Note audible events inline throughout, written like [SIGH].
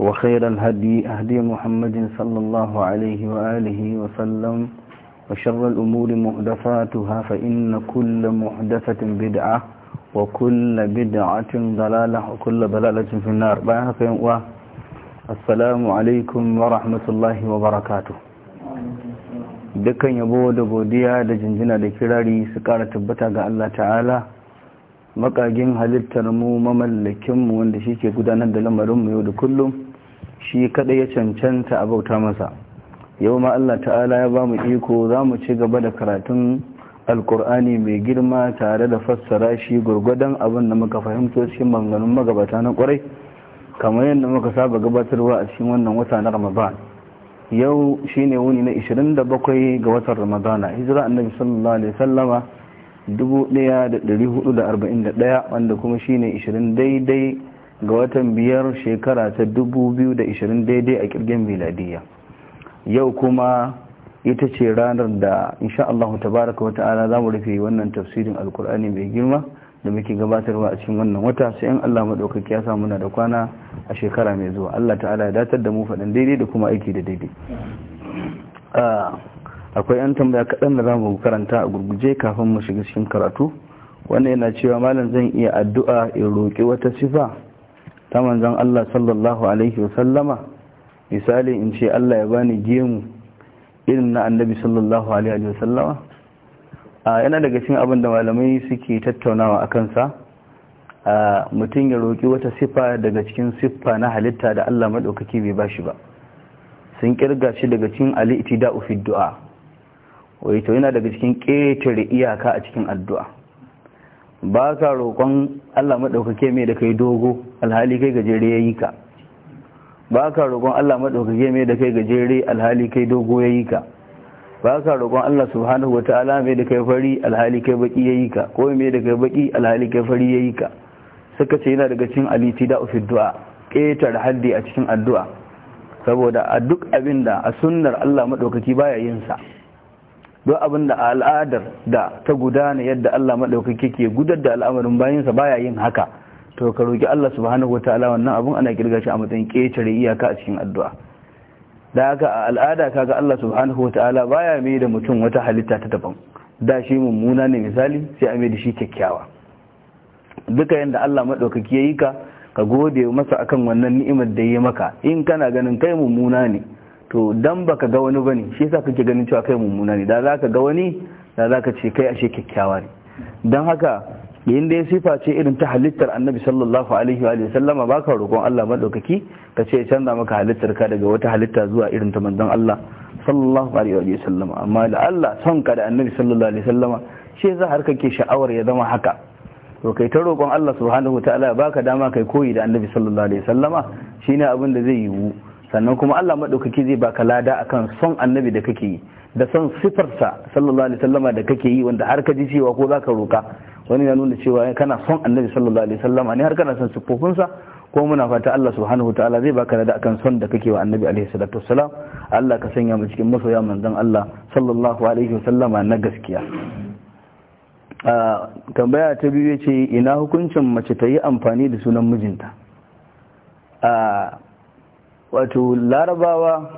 وخير الهدي أهدي محمد صلى الله عليه وآله وسلم وشر الأمور مهدفاتها فإن كل مهدفة بدعة وكل بدعة ضلالة وكل ضلالة في النار السلام عليكم ورحمة الله وبركاته dukkan yabo da godiya da jinjina da kirari su kara tabbata ga Allah ta'ala maƙagin halittar mu mamallakin mu wanda shi ke gudanar da lamarin mu yau da kullum shi kada ya cancanta a bauta masa yau ma Allah ta'ala ya ba mu iko za mu ci gaba da karatun alkur'ani mai girma tare da fassara shi gurgudan abin da muka fahimto cikin maganganun magabata na kwarai kamar yadda muka saba gabatarwa a cikin wannan wata na ramadan yau shine wuni na 27 ga watan ramadana hijira annabi sallallahu alaihi sallama 1441 wanda kuma ne 20 daidai ga watan biyar shekara ta 2020 daidai a kirgin miladiya yau kuma ita ce ranar da insha Allah tabaraka wa ta'ala za mu rufe wannan tafsirin alkur'ani mai girma da muke gabatarwa a cikin wannan wata sai in Allah madaukaki ya samu na da kwana a shekara mai zuwa Allah ta'ala ya datar da mu faɗin daidai da kuma aiki da daidai akwai yan tambaya kaɗan da zamu mu karanta a gurguje kafin mu shiga cikin karatu wannan yana cewa malam zan iya addu'a in roƙi wata sifa ta manzon Allah sallallahu alaihi wasallama misali in ce Allah ya bani gemu irin na annabi sallallahu alaihi wasallama a yana daga cikin abin da malamai suke tattaunawa a kansa a mutum ya roƙi wata siffa daga cikin siffa na halitta da Allah maɗaukaki bai ba shi ba sun ƙirga shi daga cikin da fi du'a wai yana daga cikin ƙetare iyaka a cikin addu'a ba ka roƙon Allah maɗaukake mai da kai dogo alhali kai gajere ya yi ka ba ka roƙon Allah maɗaukake mai da kai gajere alhali kai dogo ya yi ka ba ka roƙon Allah subhanahu wa ta'ala mai da kai fari alhali kai baki ya yi ka ko mai da kai baki alhali kai fari ya yi ka suka ce yana daga cikin aliti da ofis du'a ƙetar haddi a cikin addu'a saboda a duk abin da a sunnar Allah maɗaukaki baya yin sa don abin da al'adar da ta gudana yadda Allah maɗaukaki ke gudar da al'amarin bayansa baya yin haka to ka roƙi Allah subhanahu wannan abin ana kirga shi a matsayin ƙetare iyaka a cikin addu'a da haka a al'ada ka ga Allah subhanahu wataala baya mai da mutum wata halitta ta daban da shi mummuna ne misali sai a mai da shi kyakkyawa duka yadda Allah maɗaukaki ya yi ka ka gode masa akan wannan ni'imar da ya maka in kana ganin kai mummuna ne to dan baka ga wani bane shi yasa kake ganin cewa kai mummuna ne da za ka ga wani da za ka ce kai ashe kyakkyawa ne dan haka yayin da ya sifa ce irin ta halittar annabi sallallahu alaihi wa sallama baka roƙon Allah madaukaki ka ce canza maka halittar ka daga wata halitta zuwa irin ta manzon Allah sallallahu alaihi wa sallama amma da Allah son ka da annabi sallallahu alaihi wa sallama shi yasa har kake sha'awar ya zama haka to kai ta roƙon Allah subhanahu wa ta'ala baka dama kai koyi da annabi sallallahu alaihi wa sallama shine abin da zai yiwu sannan kuma Allah maɗaukaki zai baka lada akan son annabi da kake yi da son sifarsa sallallahu alaihi wasallama da kake yi wanda har ka ji cewa ko zaka roka wani ya nuna cewa kana son annabi sallallahu alaihi wasallama ne har kana son sifofinsa ko muna fata Allah subhanahu wataala zai baka lada akan son da kake wa annabi alaihi salatu wassalam Allah ka sanya mu cikin masoya manzon Allah sallallahu alaihi wasallama na gaskiya tambaya ta biyu ce ina hukuncin mace ta yi amfani da sunan mijinta wato larabawa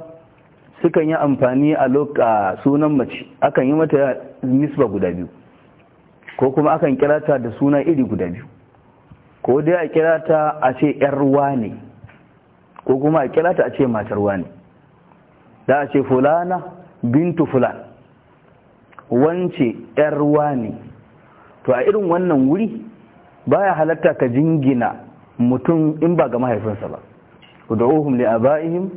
sukan yi amfani a loka sunan mace akan yi mata nisba guda biyu ko kuma akan kirata da suna iri guda biyu ko dai a kirata a ce yarwa ne ko kuma a kirata a ce matarwa ne da a ce fulana bintu fulan wance yarwa ne to a irin wannan wuri baya halatta ka jingina mutum in ba ga mahaifinsa ba ud'uuhum li aba'ihim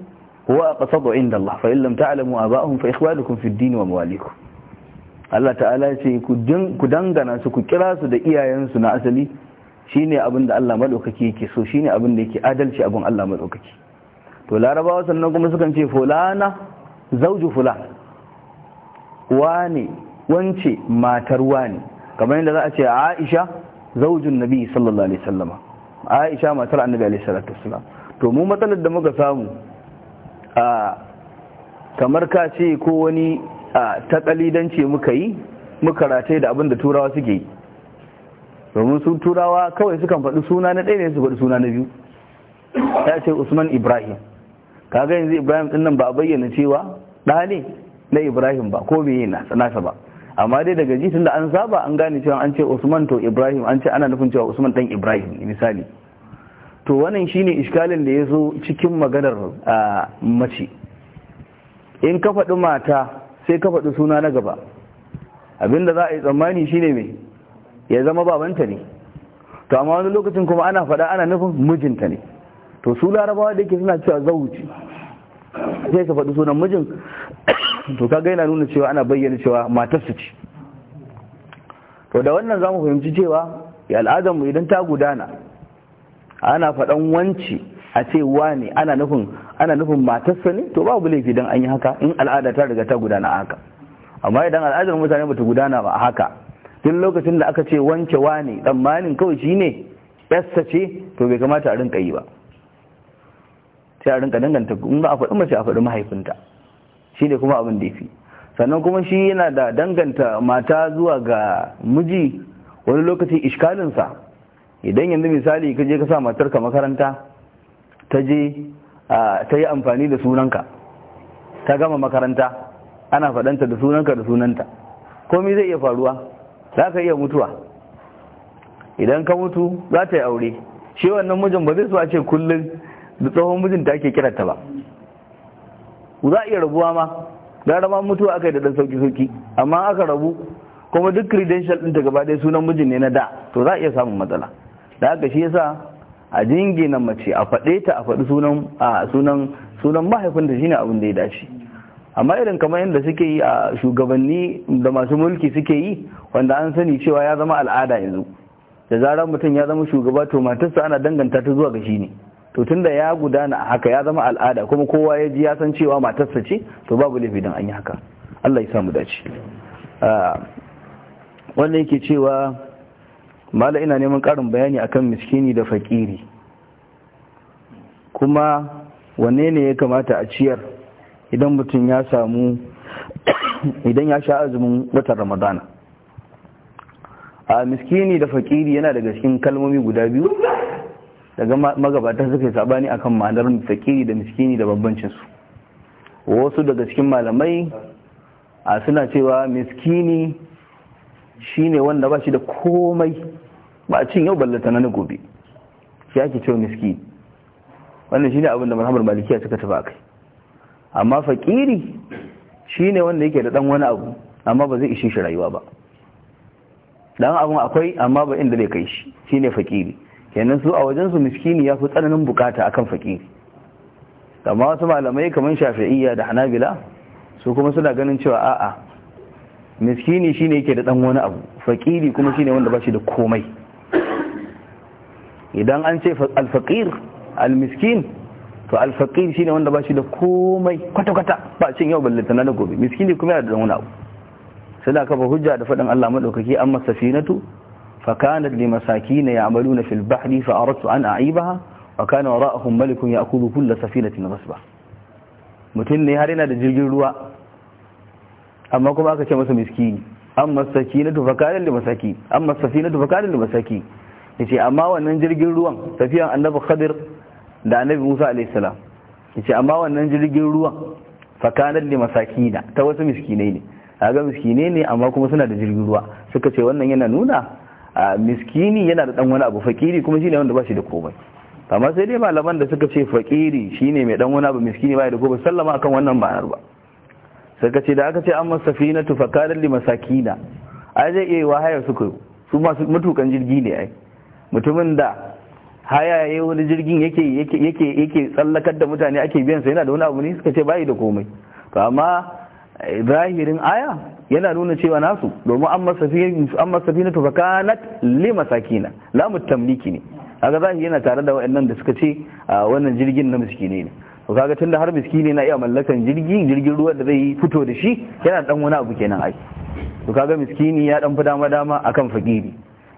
huwa aqsadu inda Allah fa in lam ta'lamu aba'ahum fa ikhwanukum fid din wa mawalikum Allah ta'ala ya ce ku dangana su ku kira su da iyayensu na asali shine abin da Allah madaukaki yake so shine abin da yake adalci abin Allah madaukaki to larabawa sannan kuma sukan ce fulana zauju fulan wane wance matar wane kamar yadda za a ce Aisha zaujun Nabi sallallahu alaihi wasallama Aisha matar Annabi alaihi salatu wasallam to mu matsalar da muka samu a kamar ka ce ko wani a ta kalidance muka yi muka rataye da abin da turawa suke yi domin su turawa kawai sukan faɗi suna na ɗaya ne su faɗi suna na biyu ya ce usman ibrahim Ka ga yanzu ibrahim ɗin nan ba a bayyana cewa ɗa ne na ibrahim ba ko meye nasa ba amma dai daga ji da an saba an gane cewa an ce usman to ibrahim an ce ana nufin cewa usman ɗan ibrahim misali to wannan shine iskalin da ya zo cikin maganar mace in ka faɗi mata sai ka faɗi suna na gaba abinda za a yi tsammani shine mai ya zama babanta ne to amma wani lokacin kuma ana faɗa ana nufin mijinta ne to su larabawa da yake suna cewa zauci sai ka faɗi sunan mijin to kaga yana nuna cewa ana bayyana cewa matar su ce to da wannan za mu fahimci cewa al'adarmu idan ta gudana ana faɗan wanci a ce wane ana nufin ana nufin matarsa ne to babu laifi dan an yi haka in al'ada ta riga ta gudana haka amma idan al'adar mutane bata gudana ba haka duk lokacin da aka ce wance wane tsammanin kawai shine yassa ce to bai kamata a rinka yi ba sai a rinka danganta in ba a faɗi mace a faɗi mahaifinta shi ne kuma abin da ya sannan kuma shi yana da danganta mata zuwa ga miji wani lokaci iskalinsa idan yanzu misali ka je ka sa matarka makaranta ta je ta yi amfani da sunanka ta gama makaranta ana faɗanta da sunanka da sunanta komi zai iya faruwa za ka iya mutuwa idan ka mutu za ta yi aure shi wannan mijin ba zai so a ce kullum da tsohon mijinta ake kiranta ba za a iya rabuwa ma gara rama mutuwa aka yi da ɗan sauki-sauki amma aka rabu kuma duk credential ɗinta gaba ɗaya sunan mijin ne na da to za a iya samun matsala da haka shi yasa a jingina mace a faɗe ta a faɗi sunan a sunan sunan mahaifinta shine abin da ya dace amma irin kamar yadda suke yi a shugabanni da masu mulki suke yi wanda an sani cewa ya zama al'ada yanzu da zarar mutum ya zama shugaba to matarsa ana danganta ta zuwa ga shi ne to tunda ya gudana a haka ya zama al'ada kuma kowa ya ji ya san cewa matarsa ce to babu laifi dan an yi haka Allah ya samu dace ah, wannan yake cewa mala ina neman ƙarin bayani akan miskini da fakiri kuma wanne ne ya kamata a ciyar idan mutum ya samu [COUGHS] idan ya sha azumin watan ramadana a miskini da fakiri yana daga cikin kalmomi guda biyu daga magabata suka yi sabani akan ma'anar fakiri da miskini da babbancinsu wasu daga cikin malamai a suna cewa miskini shine wanda ba shi da komai ba a cin yau ballata na gobe shi ake cewa miski wannan shine abin da maliki malikiya suka tafi akai amma fakiri shine wanda yake da dan wani abu amma ba zai ishe shi rayuwa ba dan abun akwai amma ba inda zai kai shi shine fakiri kenan su a wajen su miskini ya fi tsananin bukata akan fakiri amma wasu malamai kamar shafi'iyya da hanabila su kuma suna ganin cewa a'a miskini shine yake da dan wani abu fakiri kuma shine wanda ba shi da komai idan an ce alfaqir almiskin to alfaqir shine wanda ba shi da komai kwata-kwata ba cin yau balle tana da gobe miskin ne kuma yana da wani abu sai da kafa hujja da faɗin Allah madaukaki amma safinatu fa kanat li masakin ya'maluna fil bahri fa aradtu an a'ibaha wa kana wara'ahum malikun ya'kulu kull safinatin rasba mutun ne har yana da jirgin ruwa amma kuma aka ce masa miskini amma sakinatu fa kanat li masakin amma safinatu fa kanat li masakin yace amma wannan jirgin ruwan tafiyan annabi khadir da annabi musa alayhi salam yace amma wannan jirgin ruwan fakanar li masakina ta wasu miskinai ne kaga miskinai ne amma kuma suna da jirgin ruwa suka ce wannan yana nuna miskini yana da dan wani abu fakiri kuma shine wanda ba shi da komai amma sai dai malaman da suka ce fakiri shine mai dan wani abu miskini bai da komai sallama akan wannan ma'anar ba suka ce da aka ce amma safinatu fakanar li masakina ai zai iya wahaya suka su masu matukan jirgi ne ai mutumin da haya ya wani jirgin yake yake yake tsallakar da mutane ake biyan sa yana da wani abu ne suka ce bai da komai to amma eh, zahirin aya yana nuna cewa nasu domin an masafin an masafina to fakanat li masakina lamu tamliki ne kaga zahiri yana tare da waɗannan da suka ce ah, wannan jirgin na miskine ne to kaga tunda har miskine na iya mallakan jirgin jirgin ruwa da zai fito da shi yana dan wani abu kenan ai to kaga miskini ya dan fi dama dama akan fakiri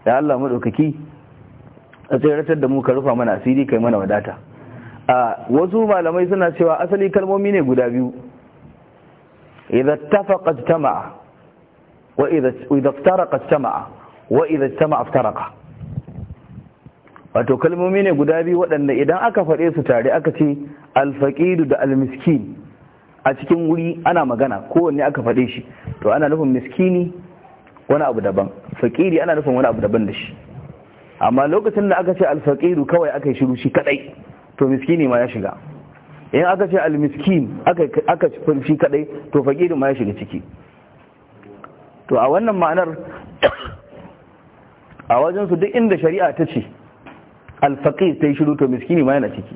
da Allah madaukaki a tsiratar da mu ka rufa mana asiri kai mana wadata a wasu malamai suna cewa asali kalmomi ne guda biyu idza tafaqa tama'a wa idza iftaraqa tama'a wa idza tama'a iftaraqa wato kalmomi ne guda biyu waɗanda idan aka faɗe su tare aka ce alfaqidu da almiskin a cikin wuri ana magana kowanne aka faɗe shi to ana nufin miskini wani abu daban faqiri ana nufin wani abu daban da shi amma lokacin da aka ce alfaqiru kawai aka yi shiru shi kadai to miskini ma ya shiga in aka ce almiskin aka aka shi kadai to faqiru ma ya shiga ciki to a wannan ma'anar [COUGHS] a wajen su duk inda shari'a ta ce alfaqir sai shiru to miskini ma yana ciki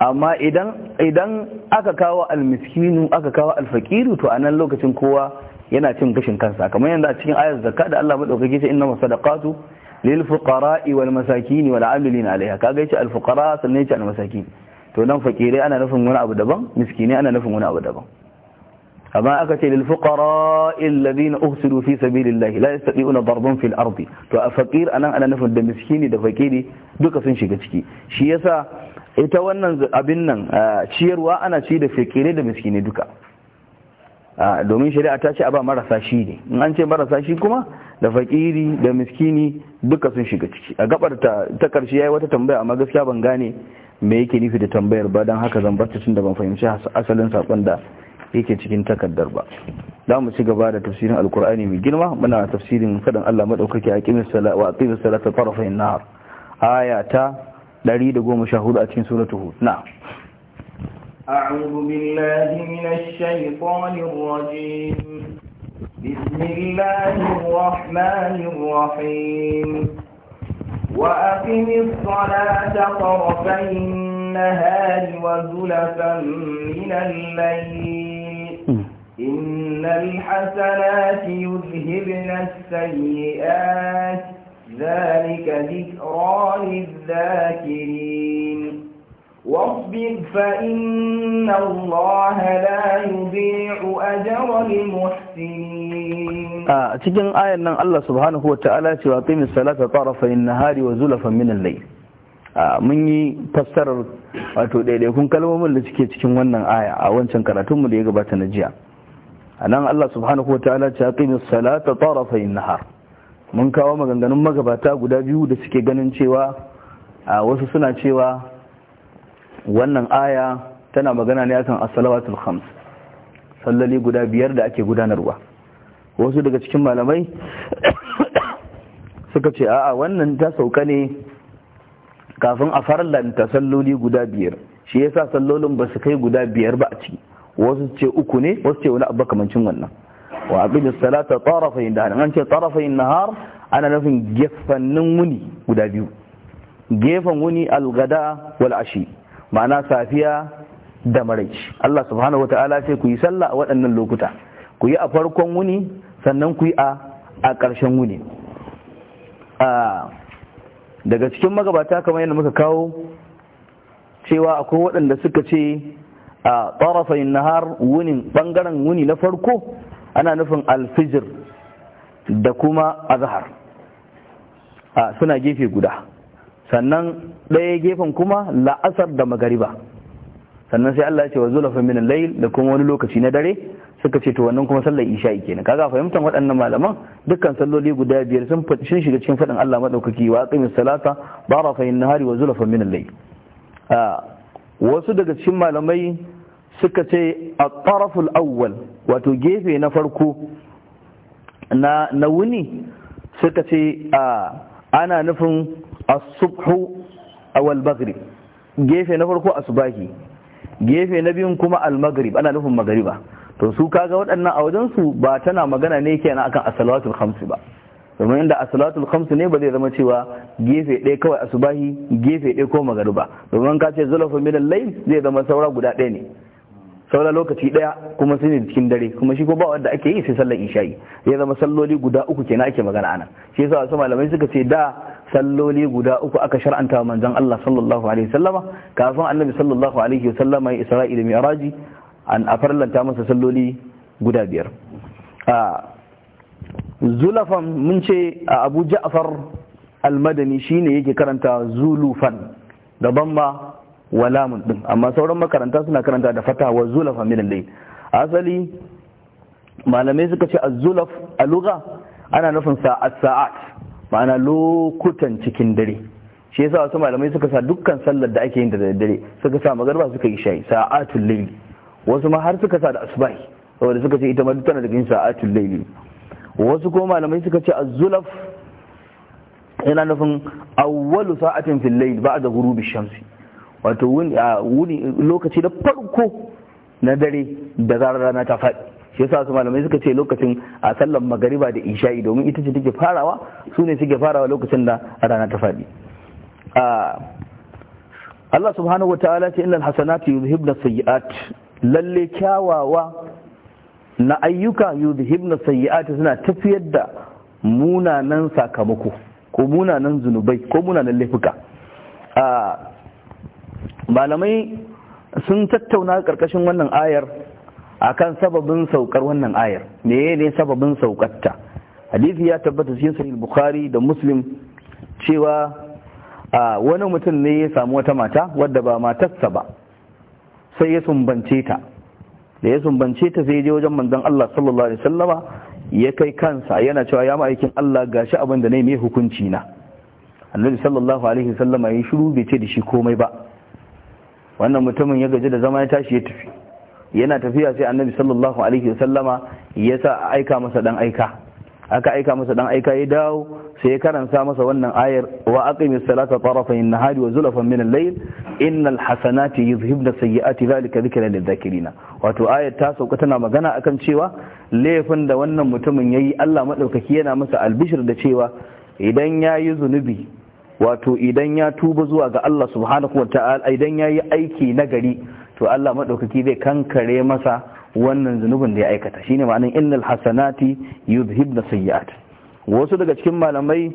amma idan idan aka kawo almiskinu aka kawo alfaqiru to a nan lokacin kowa yana cin gashin kansa kamar yadda a cikin ayar zakka da Allah madaukake ce innamas sadaqatu lil fuqara'i wal masakin wal amilin alaiha kaga yace sannan yace masakin to nan fakirai ana nufin wani abu daban miskinai ana nufin wani abu daban amma aka ce lil fuqara alladhina uhsiru fi sabilillahi la yastati'una darban fil ardi to a fakir anan ana nufin da miskini da fakiri duka sun shiga ciki shi yasa ita wannan abin nan ciyarwa ana ci da fakirai da miskinai duka domin shari'a ta ce a ba marasa shi ne in an ce marasa shi kuma da fakiri da miskini duka sun shiga ciki a gabar ta karshe yayi wata tambaya amma gaskiya ban gane me yake nufi da tambayar ba don haka zan barta tunda ban fahimci asalin sakon da yake cikin takardar ba za mu ci gaba da tafsirin alkur'ani mai girma muna tafsirin fadan Allah madaukaki a kimin salat wa Aya ta ɗari nahar aya ta 114 a cikin suratul hud na'am أعوذ بالله من الشيطان الرجيم بسم الله الرحمن الرحيم وأقم الصلاة طرفي النهار وزلفا من الليل إن الحسنات يذهبن السيئات ذلك ذكرى للذاكرين واصبر فإن الله لا يضيع أجر المحسنين a cikin أن nan Allah وتعالى wa ta'ala ce wa وزلفا من الليل nahari mun yi fassarar wato daidaikun kalmomin da suke cikin wannan aya a wancan karatunmu da ya gabata na jiya anan Allah subhanahu wa ta'ala ce aqimis salata tarafayn nahar mun kawo maganganun magabata guda biyu da suke ganin cewa wasu suna cewa wannan aya tana magana ne akan as-salawatul khams sallali guda biyar da ake gudanarwa wasu daga cikin malamai [COUGHS] suka ce a'a wannan ta sauka ne kafin a ta salloli guda biyar shi yasa sallolin ba su kai guda biyar ba a ciki wasu ce uku ne wasu ce wani abu kamancin wannan wa abin salata tarafayn nahar an ce tarafai nahar ana nufin gefannin wuni guda biyu gefan wuni al-gada wal ashi ma'ana safiya da maraici Allah subhanahu ta'ala sai ku yi sallah a waɗannan lokuta ku yi a farkon wuni sannan ku yi a a ƙarshen wuni daga cikin magabata kamar yadda muka kawo cewa akwai waɗanda suka ce a tsarafayin nahar wunin ɓangaren wuni na farko ana nufin alfijir da kuma azahar. suna gefe guda sannan ɗaya gefen kuma la'asar da magariba sannan sai Allah ya ce wa zulafa min al-layl da kuma wani lokaci na dare suka ce to wannan kuma sallar isha'i kenan kaga fahimtar waɗannan malaman dukkan salloli guda biyar sun sun shiga cikin faɗin Allah madaukaki wa aqimis salata barafa nahari wa zulafa min al-layl wasu daga cikin malamai suka ce at al awwal wato gefe na farko na na wuni suka ce a ana nufin asubhu subhu magrib gefe na farko asubahi gefe na biyun kuma al magrib ana nufin magariba to su kaga waɗannan a wajen su ba tana magana ne kenan akan as al khams ba domin inda as al khams ne ba zai zama cewa gefe ɗaya kawai asubahi gefe ɗaya ko magariba domin ka ce zulafa min al-layl zai zama saura guda ɗaya ne saura lokaci ɗaya kuma su ne cikin dare kuma shi ko ba wanda ake yi sai sallar isha'i Zai zama salloli guda uku kenan ake magana anan shi yasa wasu malamai suka ce da salloli guda uku aka shar'anta wa manzon Allah sallallahu alaihi wasallama kafin annabi sallallahu alaihi wasallama ya isra'ila mi'raji an afarlanta masa salloli guda biyar a zulafan mun ce a abu ja'far al-madani shine yake karanta zulufan da bamma wa lamun din amma sauran makaranta suna karanta da fata wa zulafan min al asali malamai suka ce az-zulaf a lugha ana nufin sa'at sa'at ma'ana lokutan cikin dare shi yasa wasu malamai suka sa dukkan sallar da ake yin da daddare suka sa magarba suka yi shayi sa'atul laili wasu ma har suka sa da asbahi saboda suka ce ita ma dukkan tana daga yin sa'atul laili wasu kuma malamai suka ce az-zulaf yana nufin awwalu sa'atin fil laili ba'da ghurubi shamsi wato wuni lokaci da farko na dare da zarar rana ta faɗi shi yasa su malamai suka ce lokacin a sallar magariba da isha'i domin ita ce take farawa su ne suke farawa lokacin da rana ta faɗi Allah subhanahu wa ta'ala ce innal hasanati yuzhibna sayyi'at lalle kyawawa na ayyuka yuzhibna sayyi'at suna tafiyar da munanan sakamako ko munanan zunubai ko munanan laifuka malamai sun tattauna karkashin wannan ayar akan sababin saukar wannan ayar me ne sababin saukarta hadisi ya tabbata cikin sahih bukhari da muslim cewa wani mutum ne ya samu wata mata wadda ba matarsa ba sai ya sumbance ta da ya sumbance ta sai ya je wajen manzon Allah sallallahu alaihi wasallama ya kai kansa yana cewa ya ma'aikin Allah gashi abin da ne mai hukunci na annabi sallallahu alaihi wasallama ya shiru bai ce da shi komai ba wannan mutumin ya gaji da zama ya tashi ya tafi yana tafiya sai annabi sallallahu alaihi wasallama ya sa aika masa dan aika aka aika masa dan aika ya dawo sai ya karanta masa wannan ayar wa aqimi salata in nahari wa zulafan min al-layl innal hasanati yuzhibna sayyiati zalika dhikran lidh wato ayar ta sauka tana magana akan cewa laifin da wannan mutumin yayi Allah madaukaki yana masa albishir da cewa idan yayi zunubi wato idan ya tuba zuwa ga Allah subhanahu wa ta'ala idan yayi aiki nagari to Allah maɗaukaki zai kankare masa wannan zunubin da ya aikata shine ma'anin innal hasanati yudhibna sayyat wasu daga cikin malamai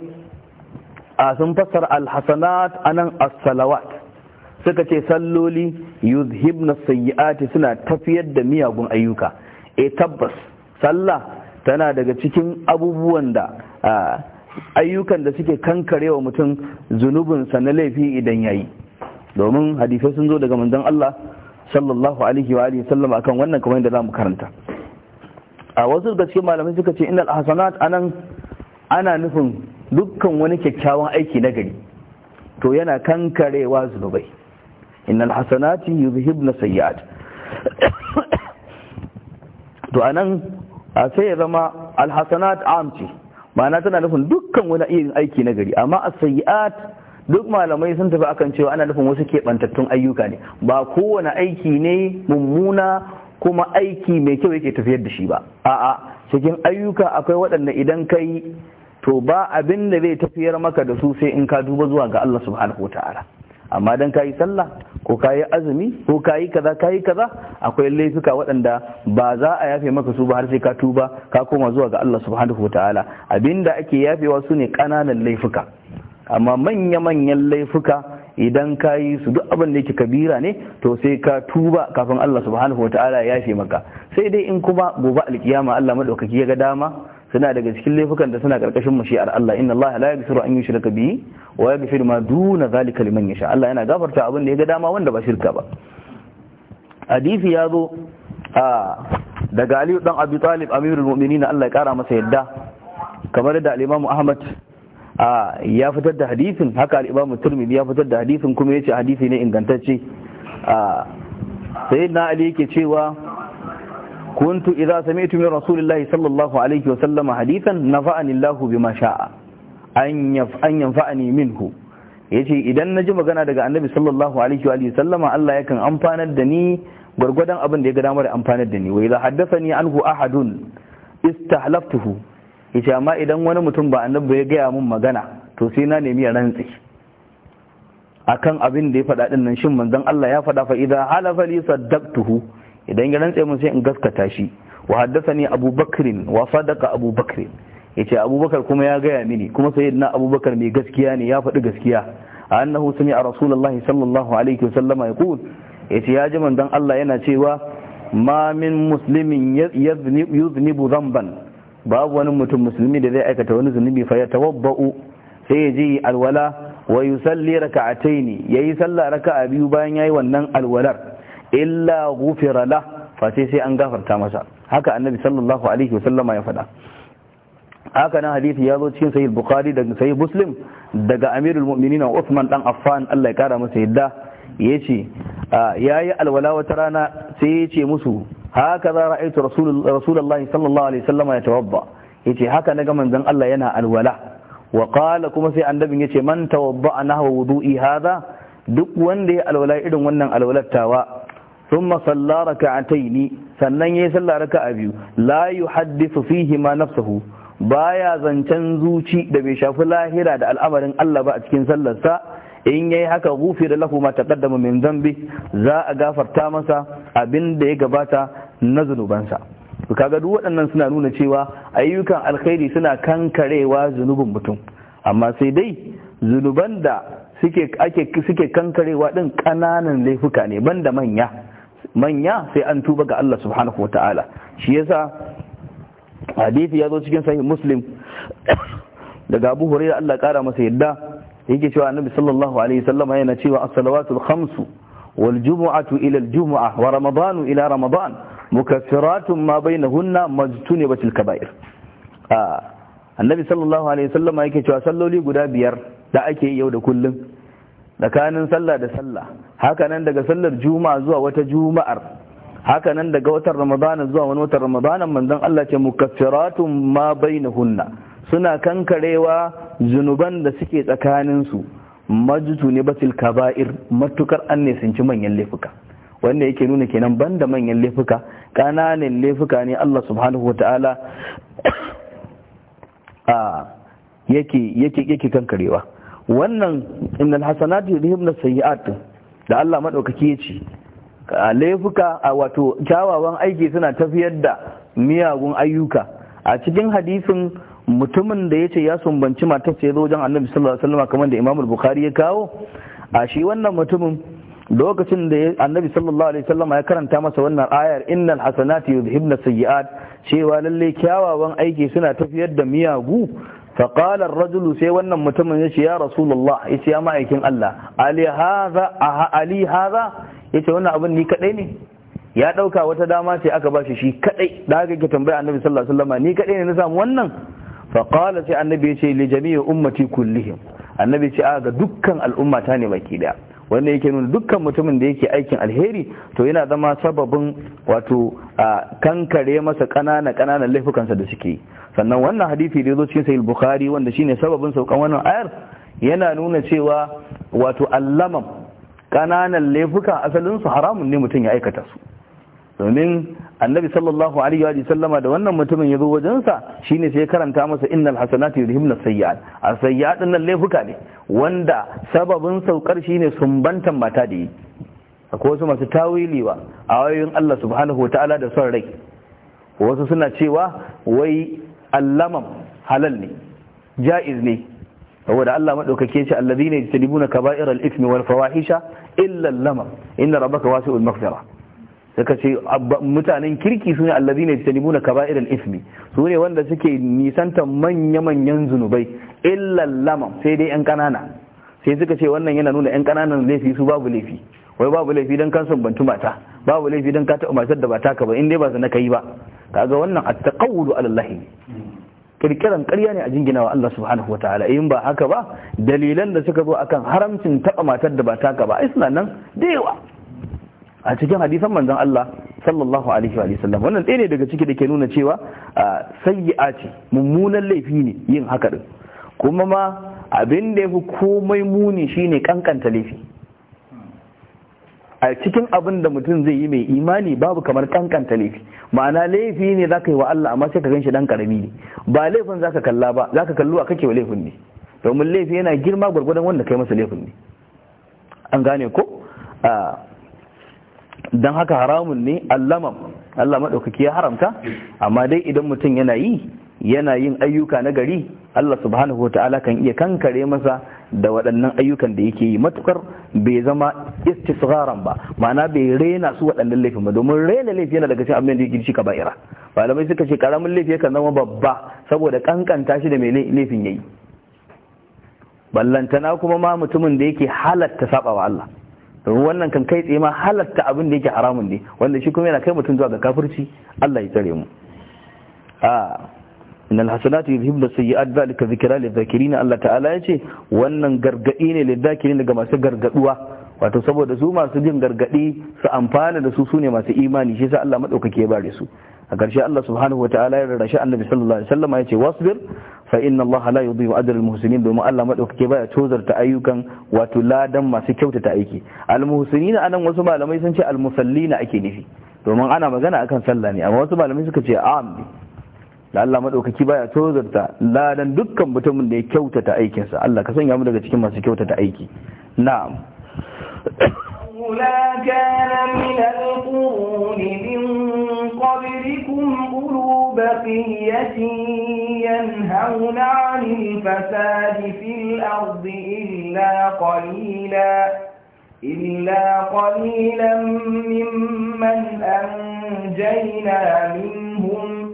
a sun fassara alhasanat anan as-salawat suka ce salloli yudhibna sayyat suna tafiyar da miyagun ayyuka e tabbas sallah tana daga cikin abubuwan da ayyukan da suke kankarewa mutum zunubinsa na laifi idan yayi domin hadisai sun zo daga manzon Allah sallallahu alaihi wa alihi sallam akan wannan kamar yadda zamu karanta a wasu daga cikin malamai suka ce innal hasanat anan ana nufin dukkan wani kyakkyawan aiki na gari to yana kankarewa zunubai innal hasanati yuzhibna sayyi'at [COUGHS] to anan a sai ya zama alhasanat amci ma'ana tana nufin dukkan wani irin aiki na gari amma as-sayyi'at duk malamai sun tafi akan cewa ana nufin wasu keɓantattun ayyuka ne ba kowane aiki ne mummuna kuma aiki mai kyau yake tafiyar da shi ba a'a cikin ayyuka akwai waɗanda idan ka yi to ba abin da zai tafiyar maka da su sai in ka duba zuwa ga Allah subhanahu ta'ala amma dan ka sallah ko ka azumi ko ka kaza ka kaza akwai laifuka waɗanda ba za a yafe maka su ba har sai ka tuba ka koma zuwa ga Allah subhanahu ta'ala abinda ake yafewa su ne ƙananan laifuka amma manya-manyan laifuka idan ka yi su duk abin da yake kabira ne to sai ka tuba kafin Allah subhanahu wa ta'ala ya yafe maka sai dai in kuma gobe alkiyama Allah madaukaki ya ga dama suna daga cikin laifukan da suna karkashin mashi'ar Allah inna Allah la yaghfiru an yushraka bihi wa yaghfiru ma duna zalika liman yasha Allah yana gafarta abin da ya ga dama wanda ba shirka ba hadisi ya zo a daga Ali dan Abi Talib Amirul Mu'minin Allah ya kara masa yadda kamar da al Ahmad ya fitar da hadisin haka al turmidi ya fitar da hadisin kuma ce hadisi ne ingantacce a na ali yake cewa kuntu idza sami'tu min rasulillahi sallallahu alaihi wa sallama hadisan nafa'ani Allahu bima sha'a an yanfa'ani minhu yace idan na ji magana daga annabi sallallahu alaihi wa sallama Allah yakan amfanar da ni gwargwadon abin da ya ga damar amfanar da ni wa idza haddathani anhu ahadun istahlaftuhu Ice amma idan wani mutum ba annabi ya gaya mun magana to sai na nemi ya rantsi akan abin da ya faɗa din nan shin manzon Allah ya faɗa fa idza halafa li saddaqtuhu idan ya rantsa mun sai in gaskata shi wa haddathani Abu Bakrin wa sadaqa Abu yace Abubakar kuma ya gaya mini kuma sayyidina Abubakar mai gaskiya ne ya faɗi gaskiya annahu a rasulullahi sallallahu alaihi wasallama yaqul yace ya ji manzon Allah yana cewa ma min muslimin yuznibu dhanban babu wani mutum musulmi da zai aikata wani zunubi fa ya tawabba'u sai ya ji alwala wa yusalli raka'ataini yayi sallah raka'a biyu bayan yayi wannan alwalar illa ghufira la fa sai sai an gafarta masa haka annabi sallallahu alaihi wasallama ya faɗa haka nan hadisi ya zo cikin sahih bukhari da sahih muslim daga amirul mu'minin Uthman dan Affan Allah ya kara masa yadda yace ah, yayi alwala wata rana sai ya ce musu haka za ra'aitu rasulullahi sallallahu alaihi wasallam ya tawadda yace haka na naga manzon Allah yana alwala wa qala kuma sai annabin yace man tawadda nahwa wudu'i hadha duk wanda ya alwala irin wannan alwalattawa thumma salla raka'ataini sannan yayi sallah raka'a biyu la yuhaddithu fihi ma nafsuhu baya zancen zuci da bai shafi lahira da al'amarin Allah ba a cikin sallarsa in yayi haka da lahu ma taqaddama min dhanbi za a gafarta masa abin da ya gabata na zunubansa to kaga duk waɗannan suna nuna cewa ayyukan alkhairi suna kankarewa zunubin mutum amma sai dai zunuban da suke ake suke kankarewa din kananan laifuka ne banda manya manya sai an tuba ga Allah subhanahu wataala shi yasa hadisi ya zo cikin sahih muslim [COUGHS] daga Abu Hurairah Allah kara masa yadda yake cewa annabi sallallahu alaihi wasallam yana cewa as-salawatul khamsu wal jumu'atu ila al jumu'ah wa ramadanu ila ramadan mukaffiratun ma bainahunna majtunibatil kaba'ir ah, annabi sallallahu alaihi wasallam yake cewa salloli guda biyar da ake yi yau da kullum tsakanin sallah da sallah hakanan daga sallar juma'a zuwa wata juma'ar hakanan daga watan ramadana zuwa wani watan ramadana manzon Allah ce mukaffiratun ma bainahunna suna kankarewa zunuban da suke tsakaninsu majutu ne batil kaba'ir matukar an ne sun ci manyan laifuka wanda yake nuna kenan banda manyan laifuka ƙananan laifuka ne Allah subhanahu wa ta'ala [COUGHS] a yake yake yake kankarewa wannan innal hasanatu yudhibna sayi'at da Allah madaukaki ya ce laifuka a wato kyawawan aiki suna tafiyar da miyagun ayyuka a cikin hadisin mutumin da ya ce ya sumbanci matar sai zo wajen annabi sallallahu alaihi wasallam kamar da imamul bukhari ya kawo a shi wannan mutumin lokacin da annabi sallallahu alaihi wasallam ya karanta masa wannan ayar innal hasanati yudhibna sayyi'at cewa lalle kyawawan aiki suna tafiyar da miyagu فقال الرجل sai wannan mutumin ya ce ya rasulullah yace ya ma'aikin Allah ali hadha ali hadha yace wannan abin ni kadai ne ya dauka wata dama ce aka ba shi shi kadai da haka ke tambaya annabi sallallahu alaihi wasallam ni kadai ne na samu wannan faƙala sai annabi ya ce li jami'a ummati kullihim annabi ce a ga dukkan al'ummata ne baki daya wanda yake nuna dukkan mutumin da yake aikin alheri to yana zama sababin wato a kankare masa ƙanana ƙananan laifukansa da suke sannan wannan hadisi da ya zo cikin sahih bukhari wanda shine sababin saukan wannan ayar yana nuna cewa wato allamam ƙananan laifuka asalin su haramun ne mutum ya aikata su domin annabi sallallahu alaihi wa sallama da wannan mutumin ya zo wajensa shine sai karanta masa innal hasanatu yudhibna sayyi'at a sayyi'at nan laifuka ne wanda sababin saukar shine sumbantan mata da yi akwai wasu masu tawili wa ayoyin Allah subhanahu wataala da son rai wasu suna cewa wai allamam halal ne ja'iz ne saboda Allah madaukake shi alladhina yajtanibuna kaba'iral ithmi wal fawahisha illa allamam inna rabbaka wasi'ul maghfirah suka ce mutanen kirki su ne allazi ne talibu na kaba'ir ismi su ne wanda suke nisanta manya-manyan zunubai illan lamam sai dai yan kanana sai suka ce wannan yana nuna yan kananan laifi su babu laifi wai babu laifi don kan bantu mata babu laifi don ka taɓa matar da ba taka ba in dai ba su na kai ba kaga wannan at-taqawwulu ala Allah kirkiran ƙarya ne a jingina wa Allah subhanahu wataala in ba haka ba dalilan da suka zo akan haramcin taɓa matar da ba taka ba ai suna nan da yawa a cikin hadisan manzon Allah sallallahu alaihi wa sallam wannan ɗaya ne daga ciki da ke nuna cewa sayyi'a ce mummunan laifi ne yin haka din kuma ma abin da yafi komai muni shine kankanta laifi a cikin abin da mutum zai yi mai imani babu kamar kankanta laifi ma'ana laifi ne zaka yi wa Allah amma sai ka ganshi dan karami ne ba laifin zaka kalla ba zaka kallo a kake wa laifin ne domin laifi yana girma gurgurdan wanda kai masa laifin ne an gane ko don haka haramun ne allama, Allah maɗaukaki ya haramta amma dai idan mutum yana yi yana yin ayyuka na gari Allah subhanahu wa ta'ala kan iya kankare masa da waɗannan ayyukan da yake yi matukar bai zama istisgharan ba ma'ana bai rena su waɗannan laifin ba domin rena laifi yana daga cikin abin da yake shi ba'ira malamai suka ce karamin laifi yakan zama babba saboda kankanta shi da mai laifin yayi ballantana kuma ma mutumin da yake halatta saba wa Allah domin wannan kan kai tsaye ma halatta abin da yake haramun ne wanda shi kuma yana kai mutum zuwa ga kafirci Allah ya tsare mu a innal hasanatu yuzhibna sayyi'at zalika dhikra lil zakirin Allah ta'ala yace wannan gargadi ne lil daga daga masu gargaduwa wato saboda su masu jin gargadi su amfana da su sune masu imani shi yasa Allah madaukake ya bare su a ƙarshe Allah subhanahu ta'ala ya rarrashi annabi sallallahu alaihi wasallam yace wasbir fa inna Allah la yudhi'u ajra al-muhsinin domin Allah madaukake baya tozarta ayyukan wato ladan masu kyautata aiki al-muhsinin anan wasu malamai sun ce al-musallina ake nufi domin ana magana akan sallah ne amma wasu malamai suka ce am da Allah madaukaki baya tozarta ladan dukkan mutumin da ya kyautata aikinsa Allah ka sanya mu daga cikin masu kyautata aiki na'am رسلا كان من القرون من قبلكم قلوا بقية ينهون عن الفساد في الأرض إلا قليلا إلا قليلا ممن أنجينا منهم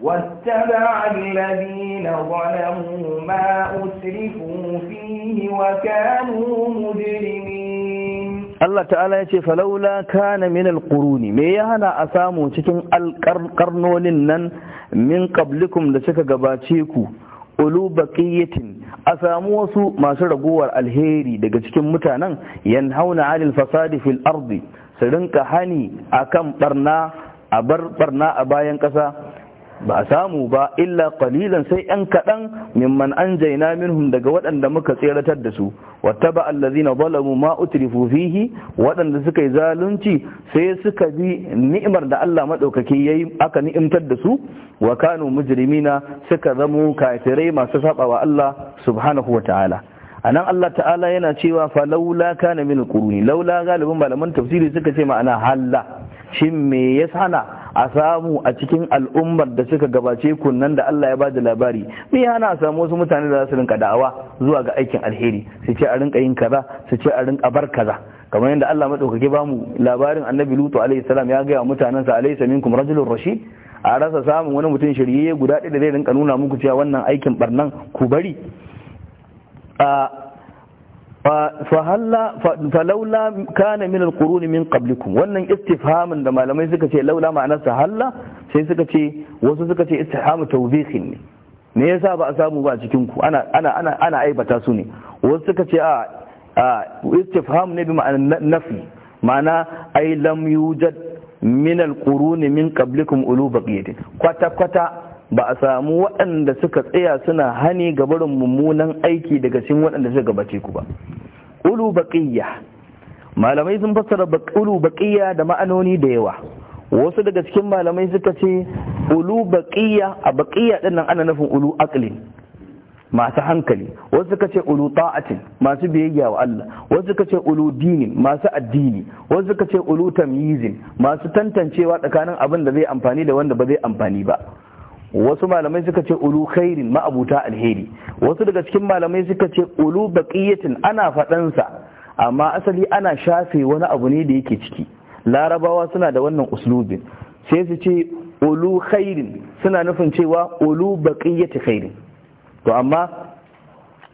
واتبع الذين ظلموا ما أسرفوا فيه وكانوا مجرمين Allah ta'ala ya ce falaula kana min alquruni me ya hana a samu cikin alƙarnonin nan min qablikum da suka gabace ku ulu baqiyatin a samu wasu masu ragowar alheri daga cikin mutanen yanhauna 'anil fasadi fil ardi su rinka hani akan barna a bar barna a bayan ƙasa ba a samu ba illa qalilan sai yan kaɗan mimman an jaina minhum daga waɗanda muka tseratar da su wata ba allazina zalamu ma utrifu fihi waɗanda suka yi zalunci sai suka bi ni'imar da Allah madaukaki yayi aka ni'imtar da su wa kanu mujrimina suka zamo kafirai masu saba wa Allah subhanahu wa ta'ala anan Allah ta'ala yana cewa fa laula kana min kuruni. laula galibin malaman tafsiri suka ce ma'ana halla shin me ya sana a samu a cikin al'ummar da suka gabace kunnan da Allah ya ba da labari me hana samu wasu mutane da za su rinka da'awa zuwa ga aikin alheri su ce a rinka yin kaza su ce a rinka bar kaza kamar yadda Allah madaukake ba mu labarin annabi lutu alaihi salam ya gaya mutanensa alaihi minkum rajulur rashid a rasa samun wani mutum shirye guda ɗaya da zai rinka nuna muku cewa wannan aikin barnan ku bari falaula kana min alquruni min qablikum wannan istifhamin da malamai suka ce laula ma'anar sa halla sai suka ce wasu suka ce tawbihin ne me yasa ba a samu ba a cikin ku ana ana ana ana aibata su ne wasu suka ce a istifham ne bi ma'anar nafi ma'ana ai lam yujad min alquruni min qablikum ulu baqiyatin kwata kwata ba a samu waɗanda suka tsaya suna hani gabarin mummunan aiki daga cikin waɗanda suka gabace ku ba ulu baqiyya malamai sun fassara ulu baqiyya da ma'anoni da yawa wasu daga cikin malamai suka ce ulu baqiyya a baqiyya din nan ana nufin ulu aqlin masu hankali wasu suka ce ulu ta'atin masu biyayya wa Allah wasu suka ce ulu dinin masu addini wasu suka ce ulu tamyizin masu tantancewa tsakanin abin da zai amfani da wanda ba zai amfani ba wasu malamai suka ce ulu khairin ma'abuta alheri wasu daga cikin malamai suka ce ulu baqiyatin ana sa amma asali ana shafe wani abu ne da yake ciki larabawa suna da wannan uslubin sai su ce ulu khairin suna nufin cewa ulu baqiyati khairin to amma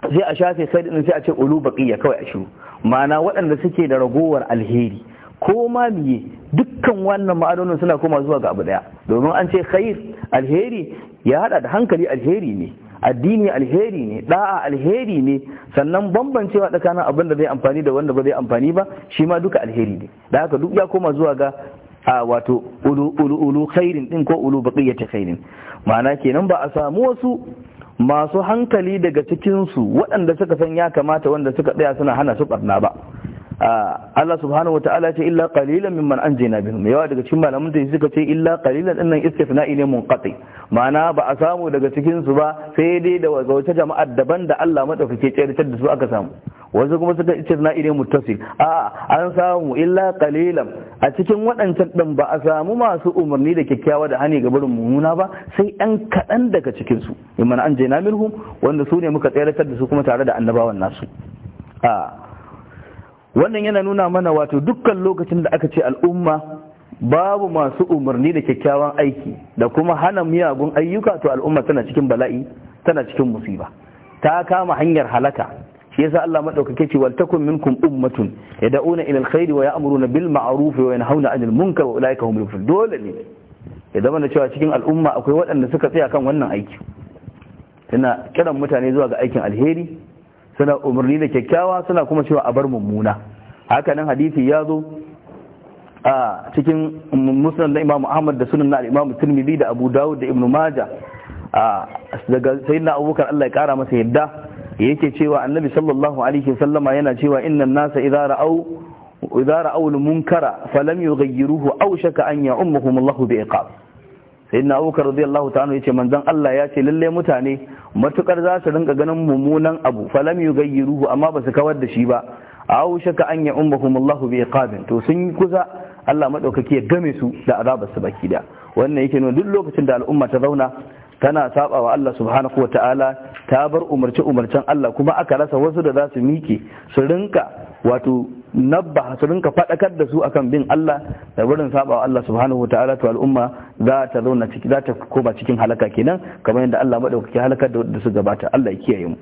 sai a shafe din sai a ce ulu baqiyya kawai a shiru ma'ana waɗanda suke da ragowar alheri ko ma miye dukkan wannan ma'anonin suna koma zuwa ga abu daya domin an ce khair alheri ya hada da hankali alheri ne addini alheri ne da'a alheri ne sannan bambancewa tsakanin abin da zai amfani da wanda ba zai amfani ba shi ma duka alheri ne da haka duk ya koma zuwa ga a wato ulu ulu ulu khairin din ko ulu baqiyati khairin ma'ana kenan ba a samu wasu masu hankali daga cikin su waɗanda suka san ya kamata wanda suka tsaya suna hana su barna ba Allah subhanahu wataala ce illa qalilan mimman anjayna bihim yawa daga cikin malaman da suka ce illa qalilan dinnan istifna'i ne munqati ma'ana ba a samu daga cikin su ba sai dai da wata jama'ar daban da Allah madaukake tsayar da su aka samu wasu kuma suka ce na ile muttasil a an samu illa qalilan a cikin waɗancan ɗin ba a samu masu umarni da kyakkyawa da hani ga barin mummuna ba sai ɗan kaɗan daga cikin su imman an minhum wanda su ne muka tsayar da su kuma tare da annabawan nasu wannan yana nuna mana wato dukkan lokacin da aka ce al'umma babu masu umarni da kyakkyawan aiki da kuma hana miyagun ayyuka to al'umma tana cikin bala'i tana cikin musiba ta kama hanyar halaka shi yasa Allah madaukake ce wal takum minkum ummatun yad'una ila alkhair wa ya'muruna bil ma'ruf wa yanhauna 'anil munkar wa ulaika humul muflihun dole ne ya zama cewa cikin al'umma akwai waɗanda suka tsaya kan wannan aiki tana kiran mutane zuwa ga aikin alheri suna umarni da kyakkyawa suna kuma cewa a bar mummuna haka nan hadisi ya zo a cikin musnad na imamu ahmad da sunan na imamu tirmidhi da abu dawud da ibnu maja a daga sayyidina abubakar Allah ya kara masa yadda yake cewa annabi sallallahu alaihi wasallama yana cewa innan nasa idza ra'au idza ra'au al-munkara falam yughayyiruhu aw shaka an ya'ummuhum Allah bi iqab na abubakar radiyallahu ta'ala yace manzan Allah ya ce lalle mutane matukar za su rinka ganin mummunan abu falam ruhu amma ba su kawar da shi ba aw shaka an ya ummahumullahu bi iqabin to sun yi kusa Allah maɗaukaki ya game su da azabar su baki da wannan yake nuna duk lokacin da al'umma ta zauna tana saba wa Allah subhanahu wa ta'ala ta bar umarci umarcin Allah kuma aka rasa wasu da za su miƙe su rinka wato nabba su rinka faɗakar da su akan bin Allah da barin saba wa Allah subhanahu wa ta'ala to al'umma za ta zauna ciki za ta koma cikin halaka kenan kamar yadda Allah madaukaki halakar da su gabata Allah ya kiyaye mu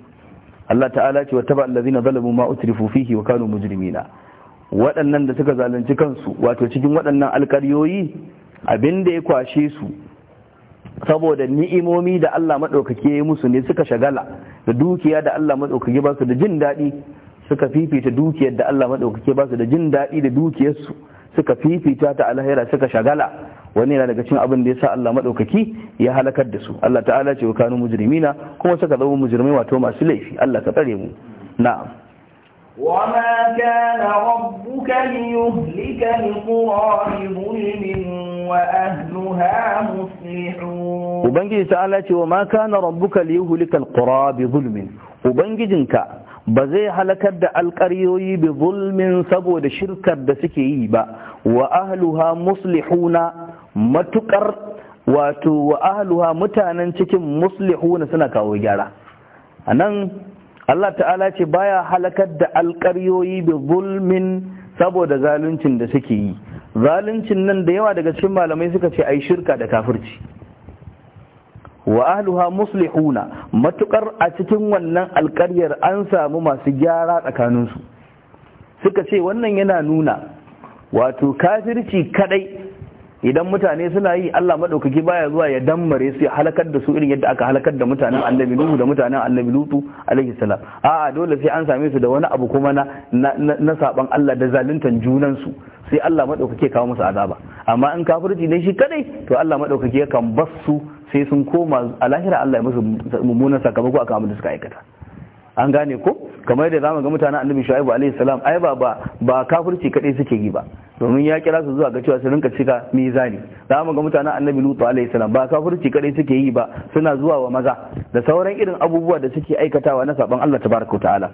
Allah ta'ala ce wa taba allazina zalamu ma utrifu fihi wa kanu mujrimina waɗannan da suka zalunci kansu wato cikin waɗannan alƙaryoyi abin da ya kwashe su saboda ni'imomi da Allah maɗaukaki ya musu ne suka shagala da dukiya da Allah maɗaukaki ba su da jin daɗi suka fifita dukiyar da Allah maɗaukaki ba su da jin daɗi da dukiyarsu suka fifita ta alhaira suka shagala wani yana daga cikin abin da ya sa Allah maɗaukaki ya halakar da su Allah ta'ala ce wa kanu mujrimina kuma suka zama mujrimai wato masu laifi Allah ka tsare mu na'am وما كان ربك ليهلك القرى بظلم وأهلها مصلحون وبنجي تعالى وما كان ربك ليهلك القرى بظلم وبنجينك ba zai halakar da alkaryoyi bi zulmin saboda shirkar da suke yi ba wa ahluha muslihuna wato wa mutanen cikin muslihuna suna kawo gyara a nan Allah ta'ala ce baya halakar da alƙaryoyi bi zulmin saboda zaluncin da suke yi zaluncin nan da yawa daga cikin malamai suka ce ai shirka da kafirci wa ahluha muslihuna matukar a cikin wannan alƙaryar an samu masu gyara tsakaninsu suka ce wannan yana nuna wato kafirci kadai idan mutane suna yi Allah madaukaki baya zuwa ya dammare su ya halakar da su irin yadda aka halakar da mutanen annabi Nuhu da mutanen annabi Lutu alaihi salam a'a dole sai an same su da wani abu kuma na na saban Allah da zaluntan junan su sai Allah madaukaki ya kawo musu azaba amma in kafirci ne shi kadai to Allah madaukaki yakan bar su sai sun koma a lahira Allah ya musu mummunan sakamako aka abin da suka aikata an gane ko kamar yadda zamu ga mutanen annabi shu'aibu alaihi salam ai ba ba kafirci kadai suke yi ba domin ya kira su zuwa ga cewa su rinka cika mizani zamu ga mutanen annabi lutu alaihi salam ba kafirci kadai suke yi ba suna zuwa wa maza da sauran irin abubuwa da suke aikatawa na saban Allah tabaraka ta'ala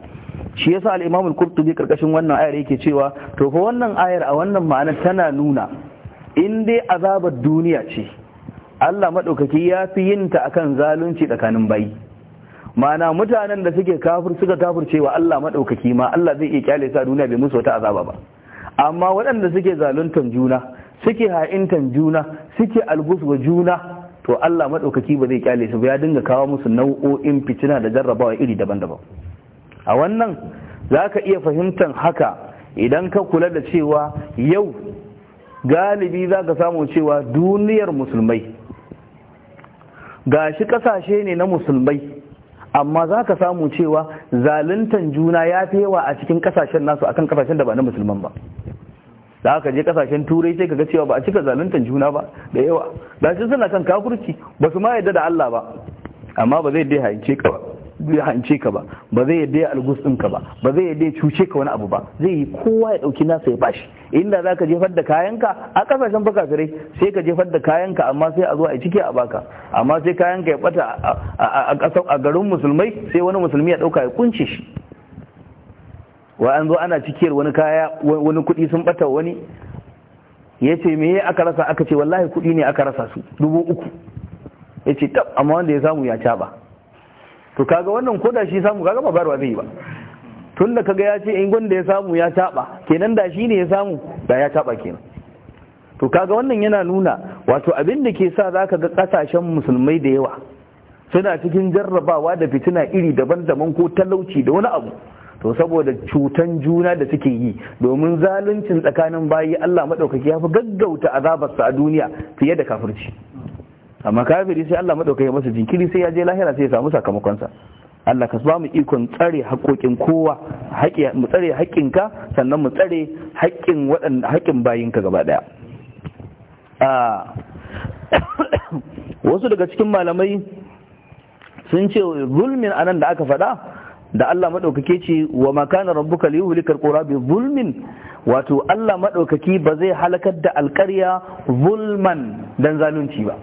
shi yasa al imamu al-qurtubi karkashin wannan ayar yake cewa to fa wannan ayar a wannan ma'ana tana nuna in dai azabar duniya ce Allah madaukaki ya fi yinta akan zalunci tsakanin bayi mana mutanen da suke kafir suka kafir cewa Allah maɗaukaki ma Allah zai iya kyale sa duniya bai musu wata azaba ba amma waɗanda suke zaluntan juna suke ha'intan juna suke albus wa juna to Allah maɗaukaki ba zai kyale su ba ya dinga kawo musu nau'o'in fitina da jarrabawa iri daban-daban a wannan zaka iya fahimtar haka idan ka kula da cewa yau galibi zaka samu cewa duniyar musulmai gashi ƙasashe ne na musulmai amma za ka samu cewa zaluntan juna ya fi yawa a cikin kasashen nasu akan kasashen da ba na musulman ba da aka je kasashen turai sai ga cewa ba a cika zaluntan juna ba da yawa da shi suna kan kafurci ba su ma yadda da Allah ba amma ba zai dai haince ka ba ya hance ka ba ba zai yadda ya algus ɗinka ba ba zai yadda ya cuce ka wani abu ba zai yi kowa ya ɗauki nasa ya bashi inda za ka jefar da kayanka a ƙasashen bakafirai sai ka jefar da kayanka amma sai a zo a yi ciki a baka amma sai kayanka ya ɓata a garin musulmai sai wani musulmi ya ɗauka ya kunce shi wa an zo ana cikiyar wani kaya wani kuɗi sun ɓata wani ya ce me aka rasa aka ce wallahi kuɗi ne aka rasa su dubu uku ya ce amma wanda ya samu ya caɓa to kaga wannan koda shi samu kaga ba barwa zai ba tun da kaga ya ce in gwanda ya samu ya taba kenan da shi ne ya samu da ya taba kenan to kaga wannan yana nuna wato abin da ke sa za ka ga kasashen musulmai da yawa suna cikin jarrabawa da fitina iri daban-daban ko talauci da wani abu to saboda cutan juna da suke yi domin zaluncin tsakanin bayi Allah maɗaukaki ya fi gaggauta azabarsa a duniya fiye da kafirci amma kafiri sai Allah ya masa jinkiri sai ya je lahira sai ya samu sakamakonsa Allah ka samu ikon tsare haƙoƙin kowa mu tsare haƙƙinka sannan mu tsare haƙƙin waɗanda bayinka gaba ɗaya [COUGHS] wasu daga cikin malamai sun ce zulmin anan da aka faɗa da Allah maɗaukake ce wa makana rabbuka li qura bi zulmin wato Allah maɗaukaki ba zai halakar da alƙarya zulman dan zalunci ba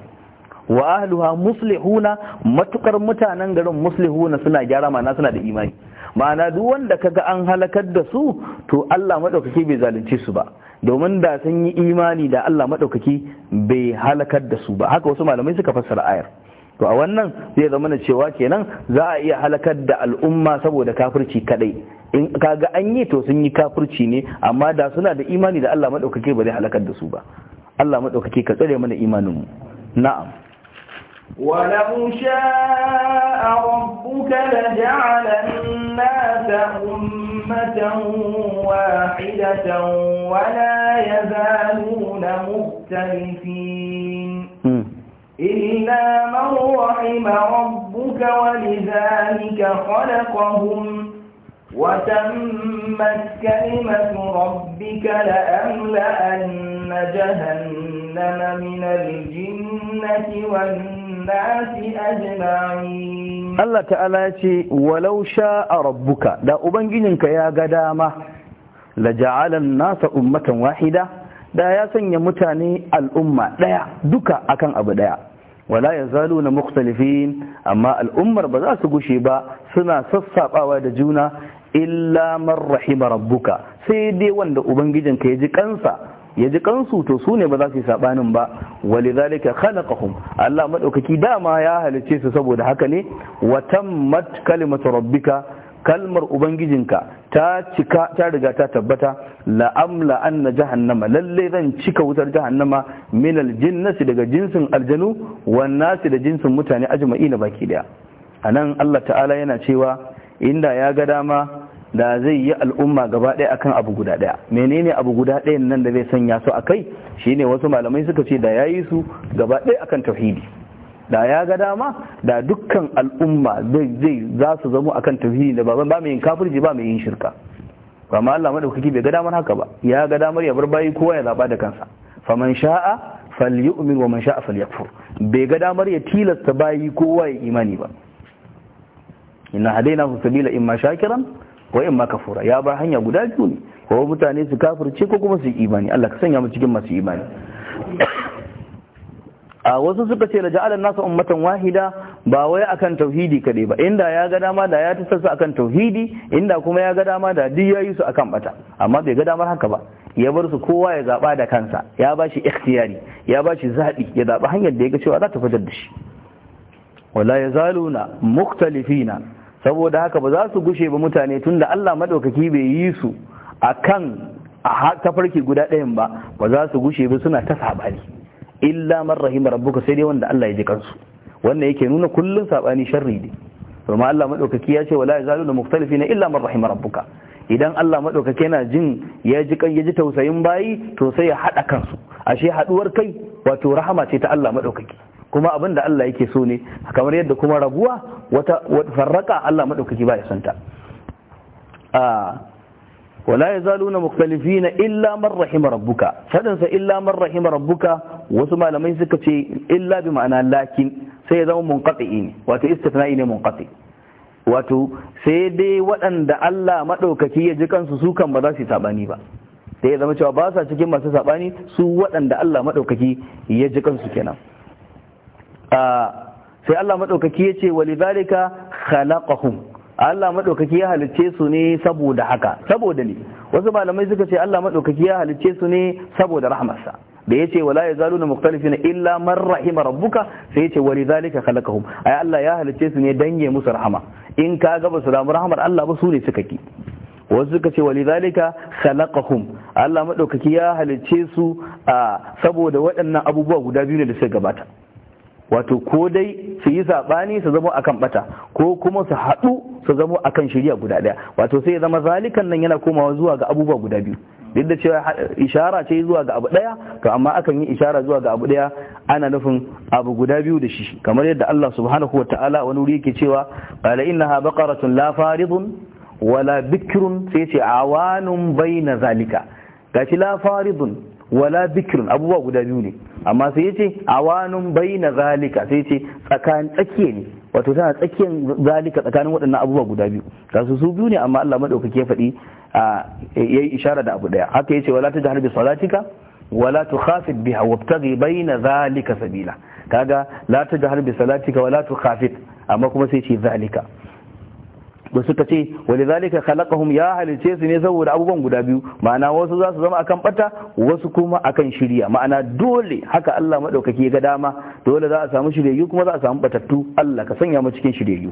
wa ahluha muslihuna matukar mutanen garin muslihuna suna gyara ma'ana suna da imani ma'ana duk wanda kaga an halakar da su to Allah madaukaki bai zalunce su ba domin da sun yi imani da Allah madaukaki bai halakar da su ba haka wasu malamai suka fassara ayar to a wannan zai zama na cewa kenan za a iya halakar da al'umma saboda kafirci kadai in kaga an yi to sun yi kafirci ne amma da suna da imani da Allah madaukaki ba zai halakar da su ba Allah madaukaki ka tsare mana imanin mu na'am ولو شاء ربك لجعل الناس أمة واحدة ولا يزالون مختلفين إلا من رحم ربك ولذلك خلقهم وتمت كلمة ربك لأملأن جهنم من الجنة والناس Allah ta'ala ya ce walau a rabbuka da ubangijinka ya ga dama la ja'alan nasa ummatan wahida da ya sanya mutane al'umma daya duka akan abu daya wala na mukhtalifin amma al'ummar ba za su gushe ba suna sassabawa da juna illa man rahima rabbuka sai dai wanda ubangijinka ya ji kansa ya ji kansu to su ne ba za su yi sabanin ba wali zalika khalaqahum Allah madaukaki dama ya halice su saboda haka ne wa tammat kalimatu rabbika kalmar ubangijinka ta cika ta riga ta tabbata amla anna jahannama lalle zan cika wutar jahannama min aljinnati daga jinsin aljanu wan nasi da jinsin mutane ajma'ina baki daya anan Allah ta'ala yana cewa inda ya ga dama da zai yi al'umma gaba ɗaya akan abu guda ɗaya menene abu guda ɗaya nan da zai sanya su akai shine wasu malamai suka ce da yayi su gaba ɗaya akan tauhidi da ya ga dama da dukkan al'umma zai za su zamo akan tauhidi da baban ba mai yin kafirci ba mai yin shirka ba ma Allah madaukaki bai ga damar haka ba ya ga damar ya bar bayi kowa ya zaba da kansa faman sha'a falyu'min wa man sha'a falyakfur bai ga damar ya tilasta bayi kowa ya imani ba inna hadaina sabila imma shakiran Ko in ma kafura ya bar hanya guda biyu ne ko mutane su kafirce ko kuma su yi imani Allah ka sanya mu cikin masu imani a wasu suka ce da ja'alan nasu ummatan wahida ba wai akan tauhidi kadai ba inda ya ga dama da ya tasassa akan tauhidi inda kuma ya ga dama da duk yayi su akan bata amma bai ga damar haka ba ya bar su kowa ya zaba da kansa ya bashi ikhtiyari ya bashi zabi ya zaba hanyar da ya ga cewa za ta fitar da shi wala yazaluna mukhtalifina saboda haka ba za su gushe ba mutane tunda Allah madaukaki bai yi su akan a tafarki guda ɗayan ba ba za su gushe ba suna ta sabani illa man rahim rabbuka sai dai wanda Allah ya ji kansu wannan yake nuna kullun saɓani sharri ne kuma Allah madaukaki ya ce wala da mukhtalifina illa man rahim rabbuka idan Allah madaukaki yana jin ya ji kan ya ji tausayin bayi to sai ya haɗa kansu ashe haɗuwar kai wato rahama ce ta Allah madaukaki kuma abin da Allah yake so ne kamar yadda kuma rabuwa wata farraka Allah maɗaukaki ba ya santa wala yazaluna mukhtalifina illa man rahima rabbuka fadin sa illa man rahima rabbuka wasu malamai suka ce illa bi ma'ana lakin sai ya zama munqati ne wato istithna'i ne munqati wato sai dai waɗanda Allah madaukaki ya ji kansu su kan ba za su yi sabani ba sai ya zama cewa ba sa cikin masu sabani su waɗanda Allah madaukaki ya ji kansu kenan sai Allah madaukaki yace walidhalika khalaqahum Allah madaukaki ya halicce su ne saboda haka saboda ne wasu malamai suka ce Allah madaukaki ya halicce su ne saboda rahmarsa da yace wala na mukhtalifina illa man rahima rabbuka sai yace walidhalika khalaqahum ai Allah ya halicce su ne dan ya musu rahama in ka ga basu ramu rahmar Allah ba su ne suka ki wasu suka ce walidhalika khalaqahum Allah madaukaki ya halicce su saboda waɗannan abubuwa guda biyu ne da suka gabata wato ko dai su yi saɓani su zama akan bata ko kuma su haɗu su zama akan shirya guda ɗaya wato sai ya zama zalikan nan yana komawa zuwa ga abubuwa guda biyu duk da cewa ishara ce zuwa ga abu ɗaya to amma akan yi ishara zuwa ga abu ɗaya ana nufin abu guda biyu da shi kamar yadda Allah subhanahu wa ta'ala wani wuri yake cewa qala innaha baqaratun la faridun wala bikrun sai ce awanun baina zalika gashi la faridun wala bikrun abubuwa guda biyu ne amma sai yace awanun baina zalika sai ce tsakanin tsakiye ne wato tana tsakiyan zalika tsakanin waɗannan abubuwa guda biyu Kasusu su biyu ne amma Allah madaukake ya faɗi yayi ishara da abu ɗaya. haka yace wala tajhar bi salatika wala tukhafit biha wabtaghi baina zalika sabila kaga la tajhar bi salatika wala tukhafit amma kuma sai ce zalika da suka ce wani zalika khalaqahum ya halice su ne saboda abubuwan guda biyu ma'ana wasu za su zama akan bata wasu kuma akan shirya ma'ana dole haka Allah madaukaki ga dama dole za a samu shiryayyu kuma za a samu batattu Allah ka sanya mu cikin shiryayyu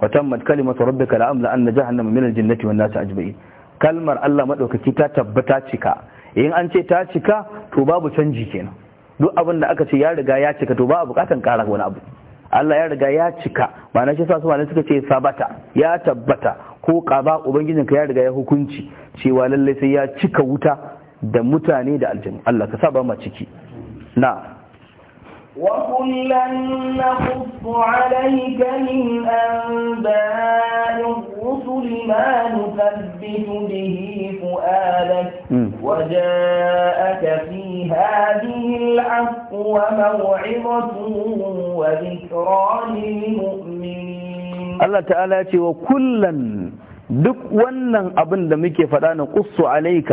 wa tammat kalimatu rabbika amla anna jahannama min al-jannati wan nasi ajma'in kalmar Allah madaukaki ta tabbata cika in an ce ta cika to babu canji kenan duk abin da aka ce ya riga ya cika to ba a bukatan kara wani abu Allah ya riga ya cika ma'ana shi sa su malamai suka ce sabata ya tabbata ko ƙaba ubangijinka ya riga ya hukunci cewa lallai sai ya cika wuta da mutane da aljanu Allah ka saba ma ciki na وكلا نقص عليك من أنباء الرسل ما نثبت به فؤادك وجاءك في هذه الحق وموعظة وذكرى للمؤمنين الله تعالى وكلا دك ونن أبن da muke faɗa عليك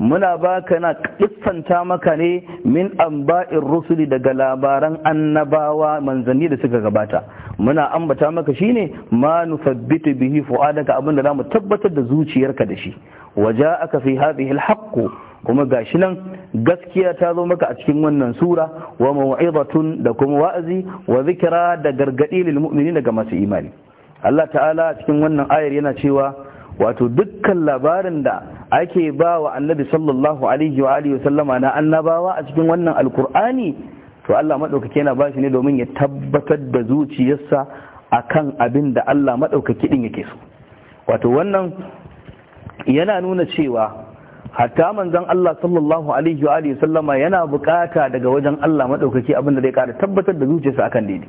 muna baka na kissanta maka ne min amba'in rusuli daga labaran annabawa manzanni da suka gabata muna ambata maka shine ma nusabbitu bihi fu'adaka za zamu tabbatar da zuciyarka da shi aka fi hadhihi al kuma gashi nan gaskiya ta zo maka a cikin wannan sura wa mau'izatun da kuma wa'azi wa zikira da gargadi lil daga masu imani Allah ta'ala a cikin wannan ayar yana cewa wato dukkan labarin da ake ba wa annabi sallallahu alaihi wa alihi sallama na annabawa a cikin wannan alkur'ani to Allah madaukake yana bashi ne domin ya tabbatar da zuciyarsa akan abin da Allah madaukake din yake so wato wannan yana nuna cewa hatta manzon Allah sallallahu alaihi wa alihi sallama yana bukata daga wajen Allah madaukake abin da zai kara tabbatar da zuciyarsa akan daidai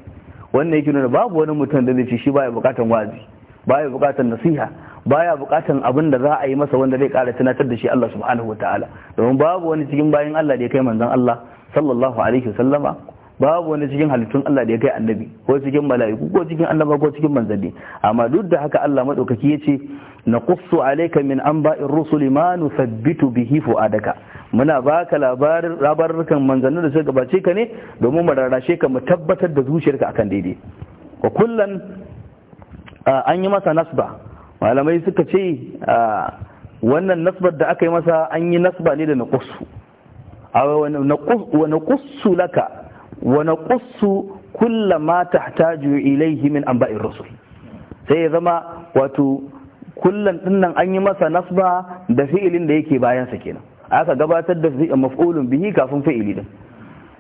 wannan yake nuna babu wani mutum da zai ce shi baya bukatan wazi baya bukatar nasiha baya bukatar abin da za a yi masa wanda zai kara tunatar da shi Allah subhanahu wa ta'ala, domin babu wani cikin bayin Allah da ya kai manzon Allah sallallahu alaihi wasallama babu wani cikin halittun Allah da ya kai annabi ko cikin mala'iku ko cikin annaba ko cikin manzanni amma duk da haka Allah madaukaki yace naqussu alayka min anba'ir rusuli ma nuthabbitu bihi fu'adaka muna baka labarin labarukan manzannin da suka gabace ka ne domin mu rarrashe ka mu tabbatar da zuciyarka akan daidai wa kullan an yi masa nasba malamai suka ce wannan nasbar da aka yi masa an yi nasba ne da na kusu wa kusu laka wa kusu kulla ma tahtaju ilaihi min ba'in rasul sai ya zama wato kullum dinnan an yi masa nasba da fi'ilin da yake bayansa kenan aka gabatar da maf'ulun bihi kafin fi'ili din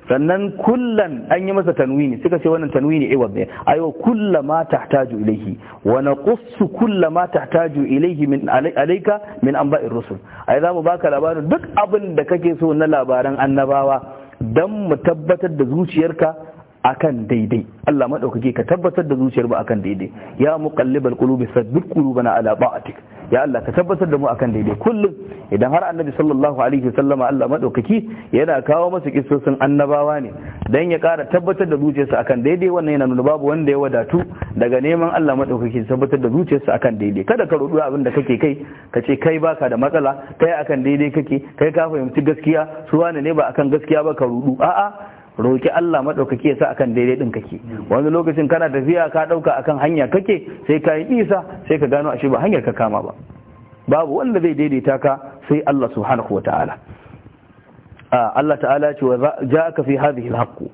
sannan kullan an yi masa tanwini suka ce wannan tanwini iwad ne ayo kulla ma tahtaju ilayhi wa naqussu kulla ma tahtaju ilayhi min alayka min anba'ir rusul ai za mu baka labarin duk abin da kake so na labaran annabawa dan mu tabbatar da zuciyarka akan daidai Allah madaukake ka tabbatar da zuciyar mu akan daidai ya muqallibal qulubi sabbit qulubana ala ba'atik ya Allah ka tabbatar da mu akan daidai kullum idan har annabi sallallahu alaihi wasallama Allah madaukaki yana kawo masa kissosin annabawa ne dan ya kara tabbatar da zuciyarsa akan daidai wannan yana nuna babu wanda ya wadatu daga neman Allah madaukaki tabbatar da zuciyarsa akan daidai kada ka rudu abin da kake kai ka ce kai baka da matsala kai akan daidai kake kai ka fahimci gaskiya su wane ne ba akan gaskiya ba ka rudu a'a roki Allah ya sa akan daidai ɗin kake wani lokacin kana tafiya ka ɗauka akan hanya kake sai ka yi isa sai ka gano ashe ba hanyar ka kama ba babu wanda zai daidaita ka sai Allah subhanahu ta'ala, ah, Allah ta'ala ce wa ka fi hadhihi al-haqq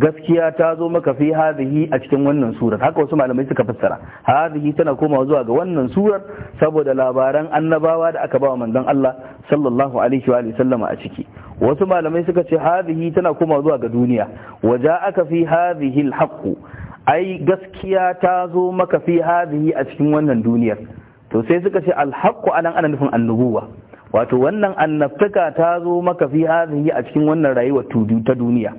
gaskiya ta zo maka fi hadhihi a cikin wannan surar haka wasu malamai suka fassara hadhihi tana komawa zuwa ga wannan surar saboda labaran annabawa da aka bawa manzon Allah sallallahu alaihi wa sallama a ciki wasu malamai suka ce hadhihi tana komawa zuwa ga duniya waja aka fi hadhihi alhaq ai gaskiya ta zo maka fi hadhihi a cikin wannan duniyar to sai suka ce alhaq anan ana nufin annubuwa wato wannan annabtaka ta zo maka fi hadhihi a cikin wannan rayuwar ta duniya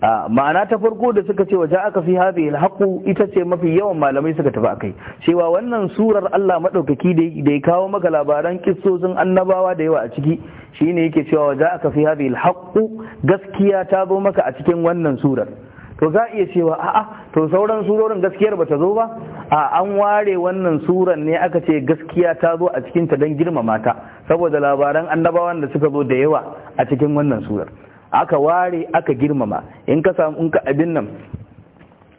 ma'ana ta farko da suka ce waje aka fi hadhihi alhaqu ita ce mafi yawan malamai suka tafi akai cewa wannan surar Allah maɗaukaki da ya kawo maka labaran kissozin annabawa da yawa a ciki shine yake cewa waje aka fi hadhihi alhaqu gaskiya ta zo maka a cikin wannan surar to za iya cewa a'a to sauran surorin gaskiyar bata zo ba a an ware wannan surar ne aka ce gaskiya ta zo a cikinta don girmama ta saboda labaran annabawan da suka zo da yawa a cikin wannan surar aka ware aka girmama in ka samu in ka abin nan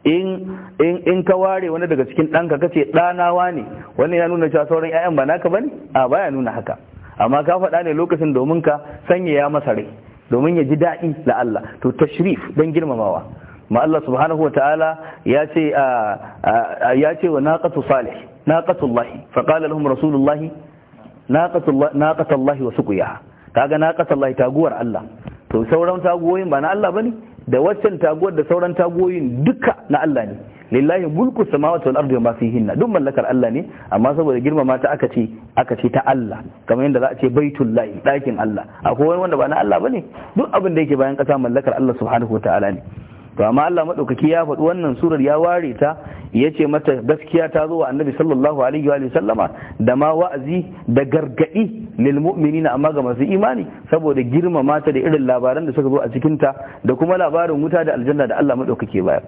in ka ware wani daga cikin ɗanka kace ɗanawa ne wannan ya nuna cewa sauran 'ya'yan ba naka bane a baya nuna haka amma ka faɗa ne lokacin domin ka sanya ya masa rai domin ya ji daɗi la Allah to tashrif don girmamawa ma Allah subhanahu wataala ya ce ya ce wa naqatu salih naqatu Allah fa qala lahum rasulullahi naqatu naqatu Allah wa suqiyaha kaga naqatu Allah taguwar Allah to sauran tagoyin ba na Allah ba ne? da waccan taguwar da sauran tagoyin duka na Allah ne lillahi mulku samawati wal ardi wa ma fihinna duk mallakar Allah ne amma saboda girmama ta aka ce aka ce ta Allah kamar yadda za a ce baitullahi dakin Allah akwai wani wanda ba na Allah bane duk abin da yake bayan kasa mallakar Allah subhanahu wataala ne to amma Allah madaukaki ya faɗi wannan surar ya ware ta ya ce mata gaskiya ta zo wa annabi sallallahu alaihi wa sallama da ma wa'azi da gargadi lil mu'minina amma ga masu imani saboda girmama ta da irin labaran da suka zo a cikin ta da kuma labarin wuta da aljanna da Allah madaukaki bayar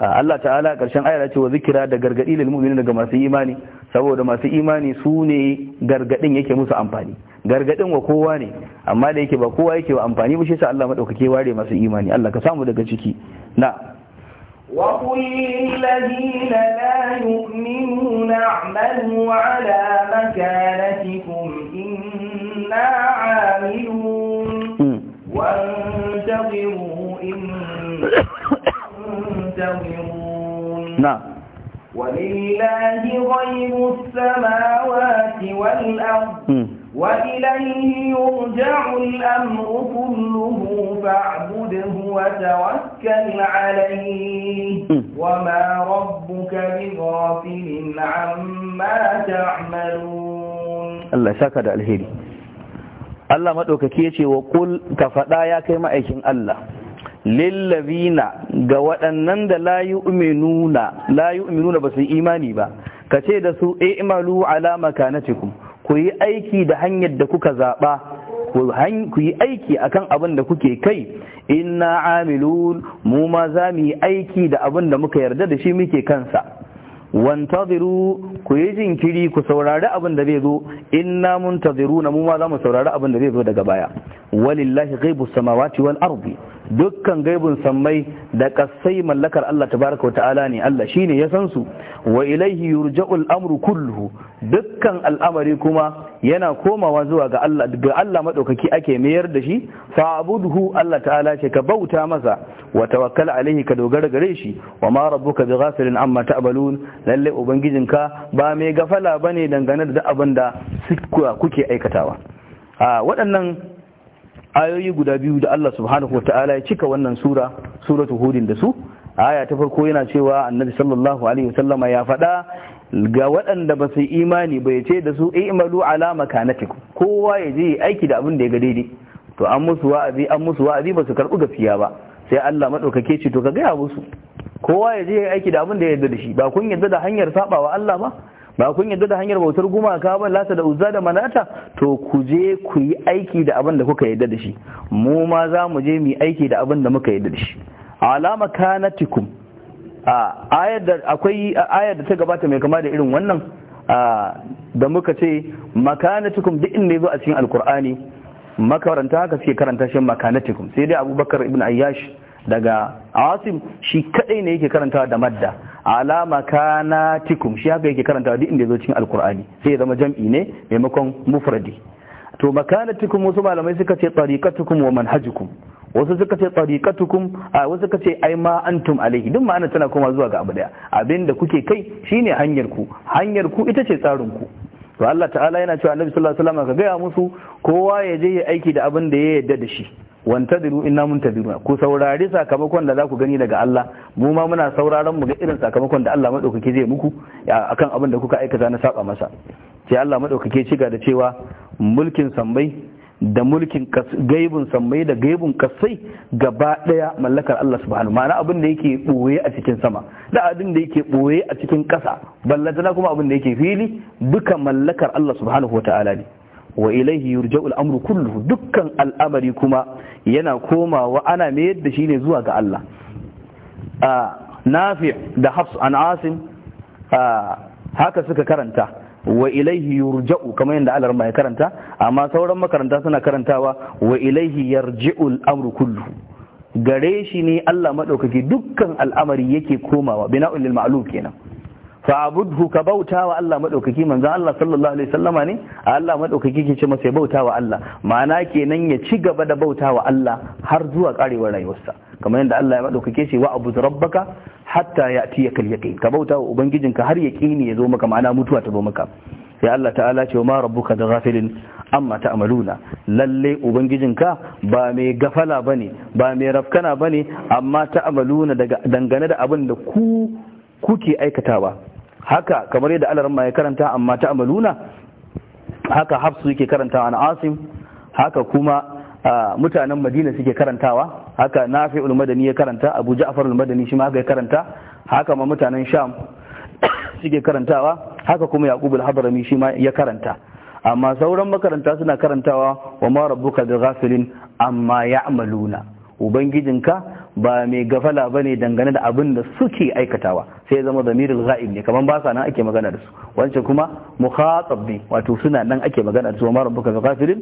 Allah ta'ala karshen ayar ce wa zikira da gargadi lil mu'minin daga masu imani saboda masu imani su ne gargadin yake musu amfani gargadin wa kowa ne amma da yake ba kowa yake wa amfani ba shi sa Allah madaukake ware masu imani Allah ka samu daga ciki na وقل للذين لا يؤمنون اعملوا على مكانتكم إنا عاملون وانتظروا إنا يستغفرون نعم ولله غيب السماوات والأرض م. وإليه يرجع الأمر كله فاعبده وتوكل عليه وما ربك بغافل عما تعملون الله شكر الهيري Allah maɗaukaki ya ce wa kul ka faɗa ya kai ma'aikin Allah lillazina ga waɗannan da la yu'minuna la ba su imani ba ka ce da su i'malu ala makanatikum ku yi aiki da hanyar da kuka zaɓa ku yi aiki akan abin da kuke kai inna amilun mu ma za mu yi aiki da abin da muka yarda da shi muke kansa wantaziru ku yi jinkiri ku saurari abin da zai zo inna na mu ma za mu saurari abin da zai zo daga baya walillahi ghaibus samawati wal ardi dukkan gaibun sammai da kasai mallakar Allah tabaraka wa ta'ala ne Allah shine ya san su wa ilaihi yurja'ul amru kulluhu dukkan al'amari kuma yana komawa zuwa ga Allah ga Allah madaukaki ake mayar da shi fa'budhu Allah ta'ala ce ka bauta masa wa tawakkal alaihi ka dogara gare shi wa ma rabbuka bighafilin amma ta'malun lalle ubangijinka ba mai gafala bane dangane da abin da kuke aikatawa a waɗannan ayoyi guda biyu da Allah subhanahu wa ta'ala ya cika wannan sura suratu hudin da su aya ta farko yana cewa annabi sallallahu alaihi wasallama ya faɗa ga waɗanda ba su imani ba ya ce da su i'malu ala makanatikum kowa ya je aiki da abin da ya ga daidai to an musu wa'azi an musu wa'azi ba su karɓi gaskiya ba sai Allah madaukake ce to ka gaya musu kowa ya je aiki da abin da ya yarda da shi ba kun yarda da hanyar sabawa Allah ba ba kun yadda da hanyar bautar gumaka ba lata da uzza da manata to ku je ku yi aiki da abin da kuka yadda da shi mu ma za mu je mu aiki da abin da muka yadda da shi alama kanatikum a ayar da akwai ayar da ta gabata mai kama da irin wannan da muka ce makanatikum duk inda yazo a cikin alkur'ani makaranta haka suke karanta shi makanatikum sai dai abubakar ibn ayyash daga asim shi kadai ne yake karantawa da madda ala makanatikum shi haka yake karantawa duk inda zo cikin alkur'ani sai ya zama jam'i ne maimakon mufradi to makanatikum wasu malamai suka ce tariqatukum wa manhajukum wasu suka ce tariqatukum a wasu suka ce ai ma antum alaihi duk ma'ana tana koma zuwa ga abu daya abinda kuke kai shine hanyar ku hanyar ku ita ce tsarin ku to Allah ta'ala yana cewa annabi sallallahu alaihi wasallam ka gaya musu kowa ya je ya aiki da abin da ya yarda da shi wantadiru inna muntadiruna ku saurari sakamakon da za ku gani daga Allah mu ma muna sauraron mu ga irin sakamakon da Allah madaukake zai muku akan abin da kuka aikata na saba masa sai Allah madaukake shiga da cewa mulkin sambai da mulkin gaibun sammai da gaibun kasai gaba daya mallakar Allah subhanahu ma'ana abin da yake boye a cikin sama da abin da yake boye a cikin kasa ballantana kuma abin da yake fili duka mallakar Allah subhanahu wata'ala ne wa ilaihi yurja'u al'amru kulluhu dukkan al'amari kuma yana komawa ana mayar da shi ne zuwa ga Allah nafi da hafs an asim haka suka karanta wa ilaihi yurja'u kamar yadda Allah ya karanta amma sauran makaranta suna karantawa wa ilaihi yarji'u al'amru kulluhu gare shi ne Allah madaukaki dukkan al'amari yake komawa bina'ul lil ma'lum kenan fa'budhu ka bauta wa Allah madaukaki manzon Allah sallallahu alaihi wasallama ne Allah madaukaki ke ce masa ya bauta wa Allah ma'ana kenan ya ci gaba da bauta wa Allah har zuwa karewar rayuwarsa kamar yadda Allah ya madaukake shi wa abud rabbaka hatta ya'tiyakal yaqin ka bauta wa ubangijinka har yaqini ya zo maka ma'ana mutuwa ta zo maka sai Allah ta'ala ce ma rabbuka da ghafilin amma ta'maluna lalle ubangijinka ba mai gafala bane ba mai rafkana bane amma ta'maluna daga dangane da abin da ku kuke aikatawa haka kamar yadda ma ya karanta amma ta amaluna haka hafsu yake karantawa na asim haka kuma mutanen madina suke karantawa haka nafi'ul madani ya karanta abu ja'far ulmadani madani shi ma haka ya karanta haka ma mutanen sham [COUGHS] suke karantawa haka kuma yaqub al-hadrami shi ma ya karanta amma sauran makaranta suna karantawa wa ma rabbuka bil ghafilin amma ya'maluna ubangijinka ba mai gafala ba ne dangane da abin da suke aikatawa sai ya zama zamirin za'ib ne kamar ba sa nan ake magana da su wancan kuma mukhatab ne wato suna nan ake magana da su amma rabbuka bi ghafilin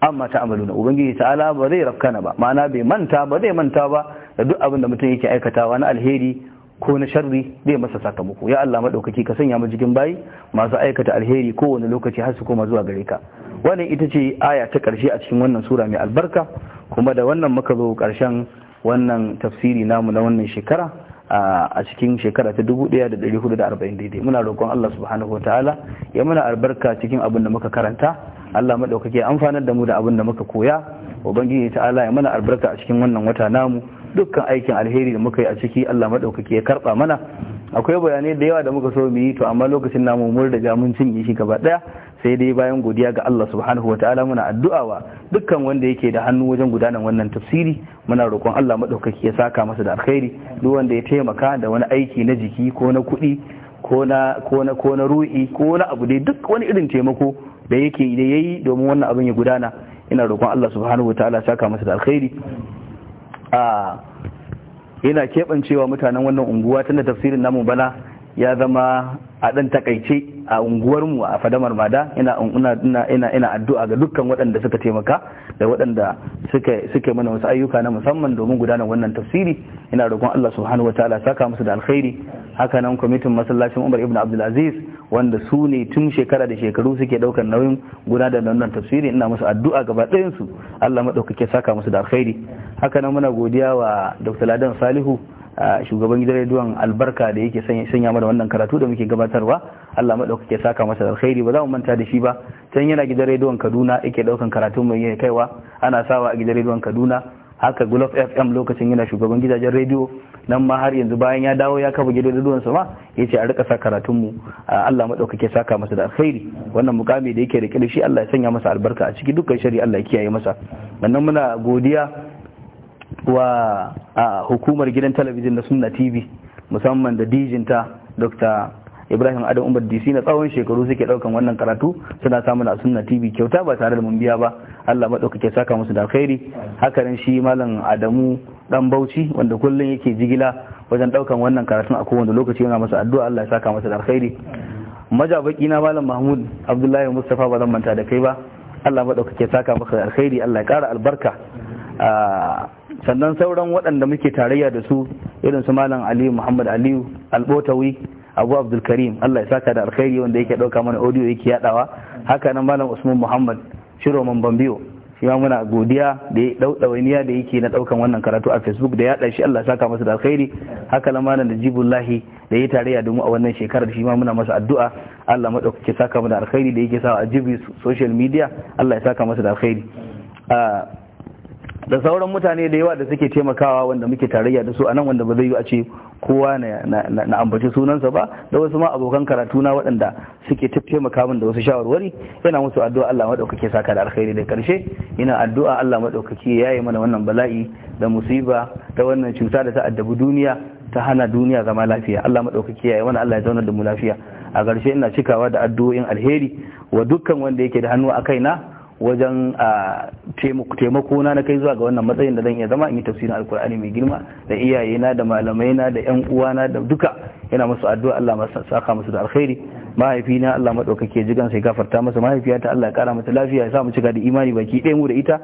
amma ta'maluna ubangiji ta'ala ba zai rafkana ba ma'ana bai manta ba zai manta ba da duk abin da mutum yake aikatawa na alheri ko na sharri zai masa sakamako ya Allah madaukaki ka sanya ma jikin bayi masu aikata alheri kowane lokaci har su koma zuwa gare ka wannan ita ce aya ta ƙarshe a cikin wannan sura mai albarka kuma da wannan muka zo ƙarshen wannan tafsiri namu na wannan shekara a cikin shekara ta dubu da da arba'in daidai muna roƙon Allah subhanahu ta'ala ya muna albarka cikin abin da muka karanta Allah maɗaukake amfanar da mu da abin da muka koya ubangiji ta'ala ya mana albarka a cikin wannan wata namu dukkan aikin alheri da muka yi a ciki Allah maɗaukake ya karɓa mana akwai bayanai da yawa da muka so mu yi to amma lokacin namu mun riga mun cinye shi gaba ɗaya. sai dai bayan godiya ga Allah subhanahu wa ta'ala muna addu'a wa dukkan wanda yake da hannu wajen gudanar wannan tafsiri muna roƙon Allah maɗaukaki ya saka masa da alkhairi duk wanda ya taimaka da wani aiki na jiki ko na kuɗi ko na ko na ko na ru'i ko na abu dai duk wani irin taimako da yake da yayi domin wannan abin ya gudana ina roƙon Allah subhanahu wa ta'ala saka masa da alkhairi a ah, yana keɓancewa mutanen wannan unguwa tana tafsirin namu bana ya zama a ɗan takaice a unguwarmu a fadamar mada ina addu'a ga dukkan waɗanda suka taimaka da waɗanda suka mana wasu ayyuka na musamman domin gudanar wannan tafsiri ina roƙon Allah subhanahu wataala saka musu da alkhairi haka nan kwamitin masallacin Umar ibn Abdulaziz wanda su ne tun shekara da shekaru suke ɗaukar nauyin gudanar da wannan tafsiri ina musu addu'a gaba ɗayansu Allah maɗaukake saka musu da alkhairi haka nan muna godiya wa Dr. Ladan Salihu shugaban gidan rediyon albarka da yake sanya mana wannan karatu da muke gabatarwa Allah ke saka masa alkhairi ba za mu manta da shi ba can yana gidan rediyon Kaduna yake daukan karatu mai yake kaiwa ana sawa a gidan rediyon Kaduna haka Gulf FM lokacin yana shugaban gidajen rediyo nan ma har yanzu bayan ya dawo ya kafa gidan rediyon sa ma yace a rika sa karatun mu Allah ke saka masa da alkhairi wannan mukami da yake rike da shi Allah ya sanya masa albarka a ciki dukkan shari'a Allah ya kiyaye masa wannan muna godiya wa hukumar gidan talabijin na sunna tv musamman da dijinta dr ibrahim adam umar dc na tsawon shekaru suke daukan wannan karatu suna samun a sunna tv kyauta ba tare da mun biya ba allah maɗaukake saka musu da alkhairi hakanan shi malam adamu dan bauchi wanda kullum yake jigila wajen daukan wannan karatun a kowane lokaci yana masa addu'a allah ya saka masa da alkhairi majabaki na malam mahmud abdullahi mustafa ba zan manta da kai ba allah maɗaukake saka maka da alkhairi allah ya kara albarka sannan sauran waɗanda muke tarayya da su irin su malam aliyu muhammad aliyu albotawi abu abdul karim allah ya saka da alkhairi wanda yake ɗauka mana audio yake yaɗawa haka nan malam usman muhammad shiro bambiyo shi ma muna godiya da ya ɗawainiya da yake na ɗaukan wannan karatu a facebook da ya ɗa shi allah saka masa da alkhairi haka malam da jibullahi da ya tarayya domin a wannan shekarar shi ma muna masa addu'a allah maɗaukaki saka mu da alkhairi da yake sa a jibi social media allah ya saka masa da alkhairi da sauran mutane da yawa da suke taimakawa wanda muke tarayya da su anan wanda ba zai yi a ce kowa na ambaci sunansa ba da wasu ma abokan karatu na waɗanda suke taimaka min da wasu shawarwari yana musu addu'a Allah madaukake saka da alkhairi da karshe ina addu'a Allah madaukake yayi mana wannan bala'i da musiba ta wannan cuta da ta addabi duniya ta hana duniya zama lafiya Allah madaukake yayi mana Allah ya zauna da mu lafiya a ƙarshe ina cikawa da addu'o'in alheri wa dukkan wanda yake da hannu a kaina wajen taimako na na kai zuwa ga wannan matsayin da zan iya zama in yi tafsirin alkur'ani mai girma da iyayena da malamaina da yan uwana da duka yana musu addu'a Allah masa saka musu da alkhairi mahaifina Allah madaukake jigan sai gafarta masa mahaifiyata Allah ya kara mata lafiya ya sa mu cika da imani baki ɗaya mu da ita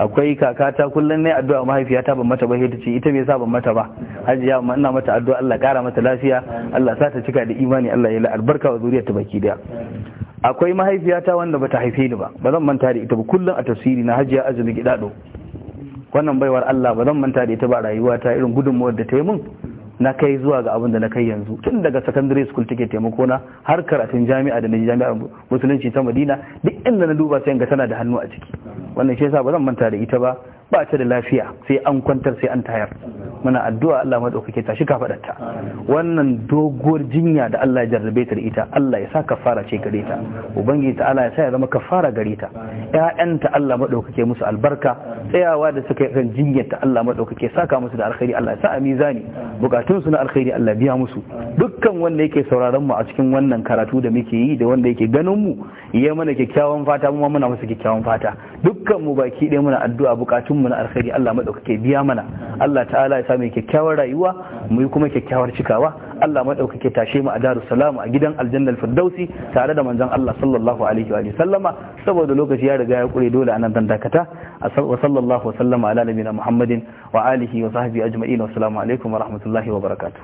akwai kakata kullum ne addu'a mahaifiyata ban mata ba sai ta ce ita bai sa ban mata ba hajiya amma ina mata addu'a Allah kara mata lafiya Allah sa ta cika da imani Allah ya albarka wa zuriyarta baki daya akwai mahaifiyata wanda bata haife ni ba ba zan manta da ita ba kullum a tafsiri na hajiya azumi gidado wannan baiwar Allah ba zan manta da ita ba rayuwa ta irin gudunmuwar da ta yi mun na kai zuwa ga abin da na kai yanzu tun daga secondary school take taimako na har karatun jami'a da na jami'ar musulunci ta Madina duk inda na duba sai ga tana da hannu a ciki wannan shi yasa ba zan manta da ita ba ba ta da lafiya sai an kwantar sai an tayar muna addu'a Allah dauke ta shi ka ta wannan doguwar jinya da Allah ya jarrabe ta da ita Allah ya sa kafara ce gare ta ubangiji ta Allah ya sa ya zama kafara gare ta ƴaƴanta Allah dauke musu albarka tsayawa da suka yi kan jinyar ta Allah dauke saka musu da alkhairi Allah ya sa a mizani bukatun su na alkhairi Allah biya musu dukkan wanda yake sauraron mu a cikin wannan karatu da muke yi da wanda yake ganin mu ya mana kyakkyawan fata mu muna musu kyakkyawan fata dukkan mu baki ɗaya muna addu'a bukatun bukatunmu na alkhairi Allah maɗaukake biya mana Allah ta'ala ya sami kyakkyawar rayuwa mu yi kuma kyakkyawar cikawa Allah maɗaukake tashe mu a darus salamu a gidan aljannal firdausi tare da manzon Allah sallallahu alaihi wa sallama saboda lokaci ya riga ya kure dole anan dan dakata wa sallallahu wa sallama ala Muhammadin wa alihi wa sahbihi ajma'in wa assalamu alaikum wa rahmatullahi wa barakatuh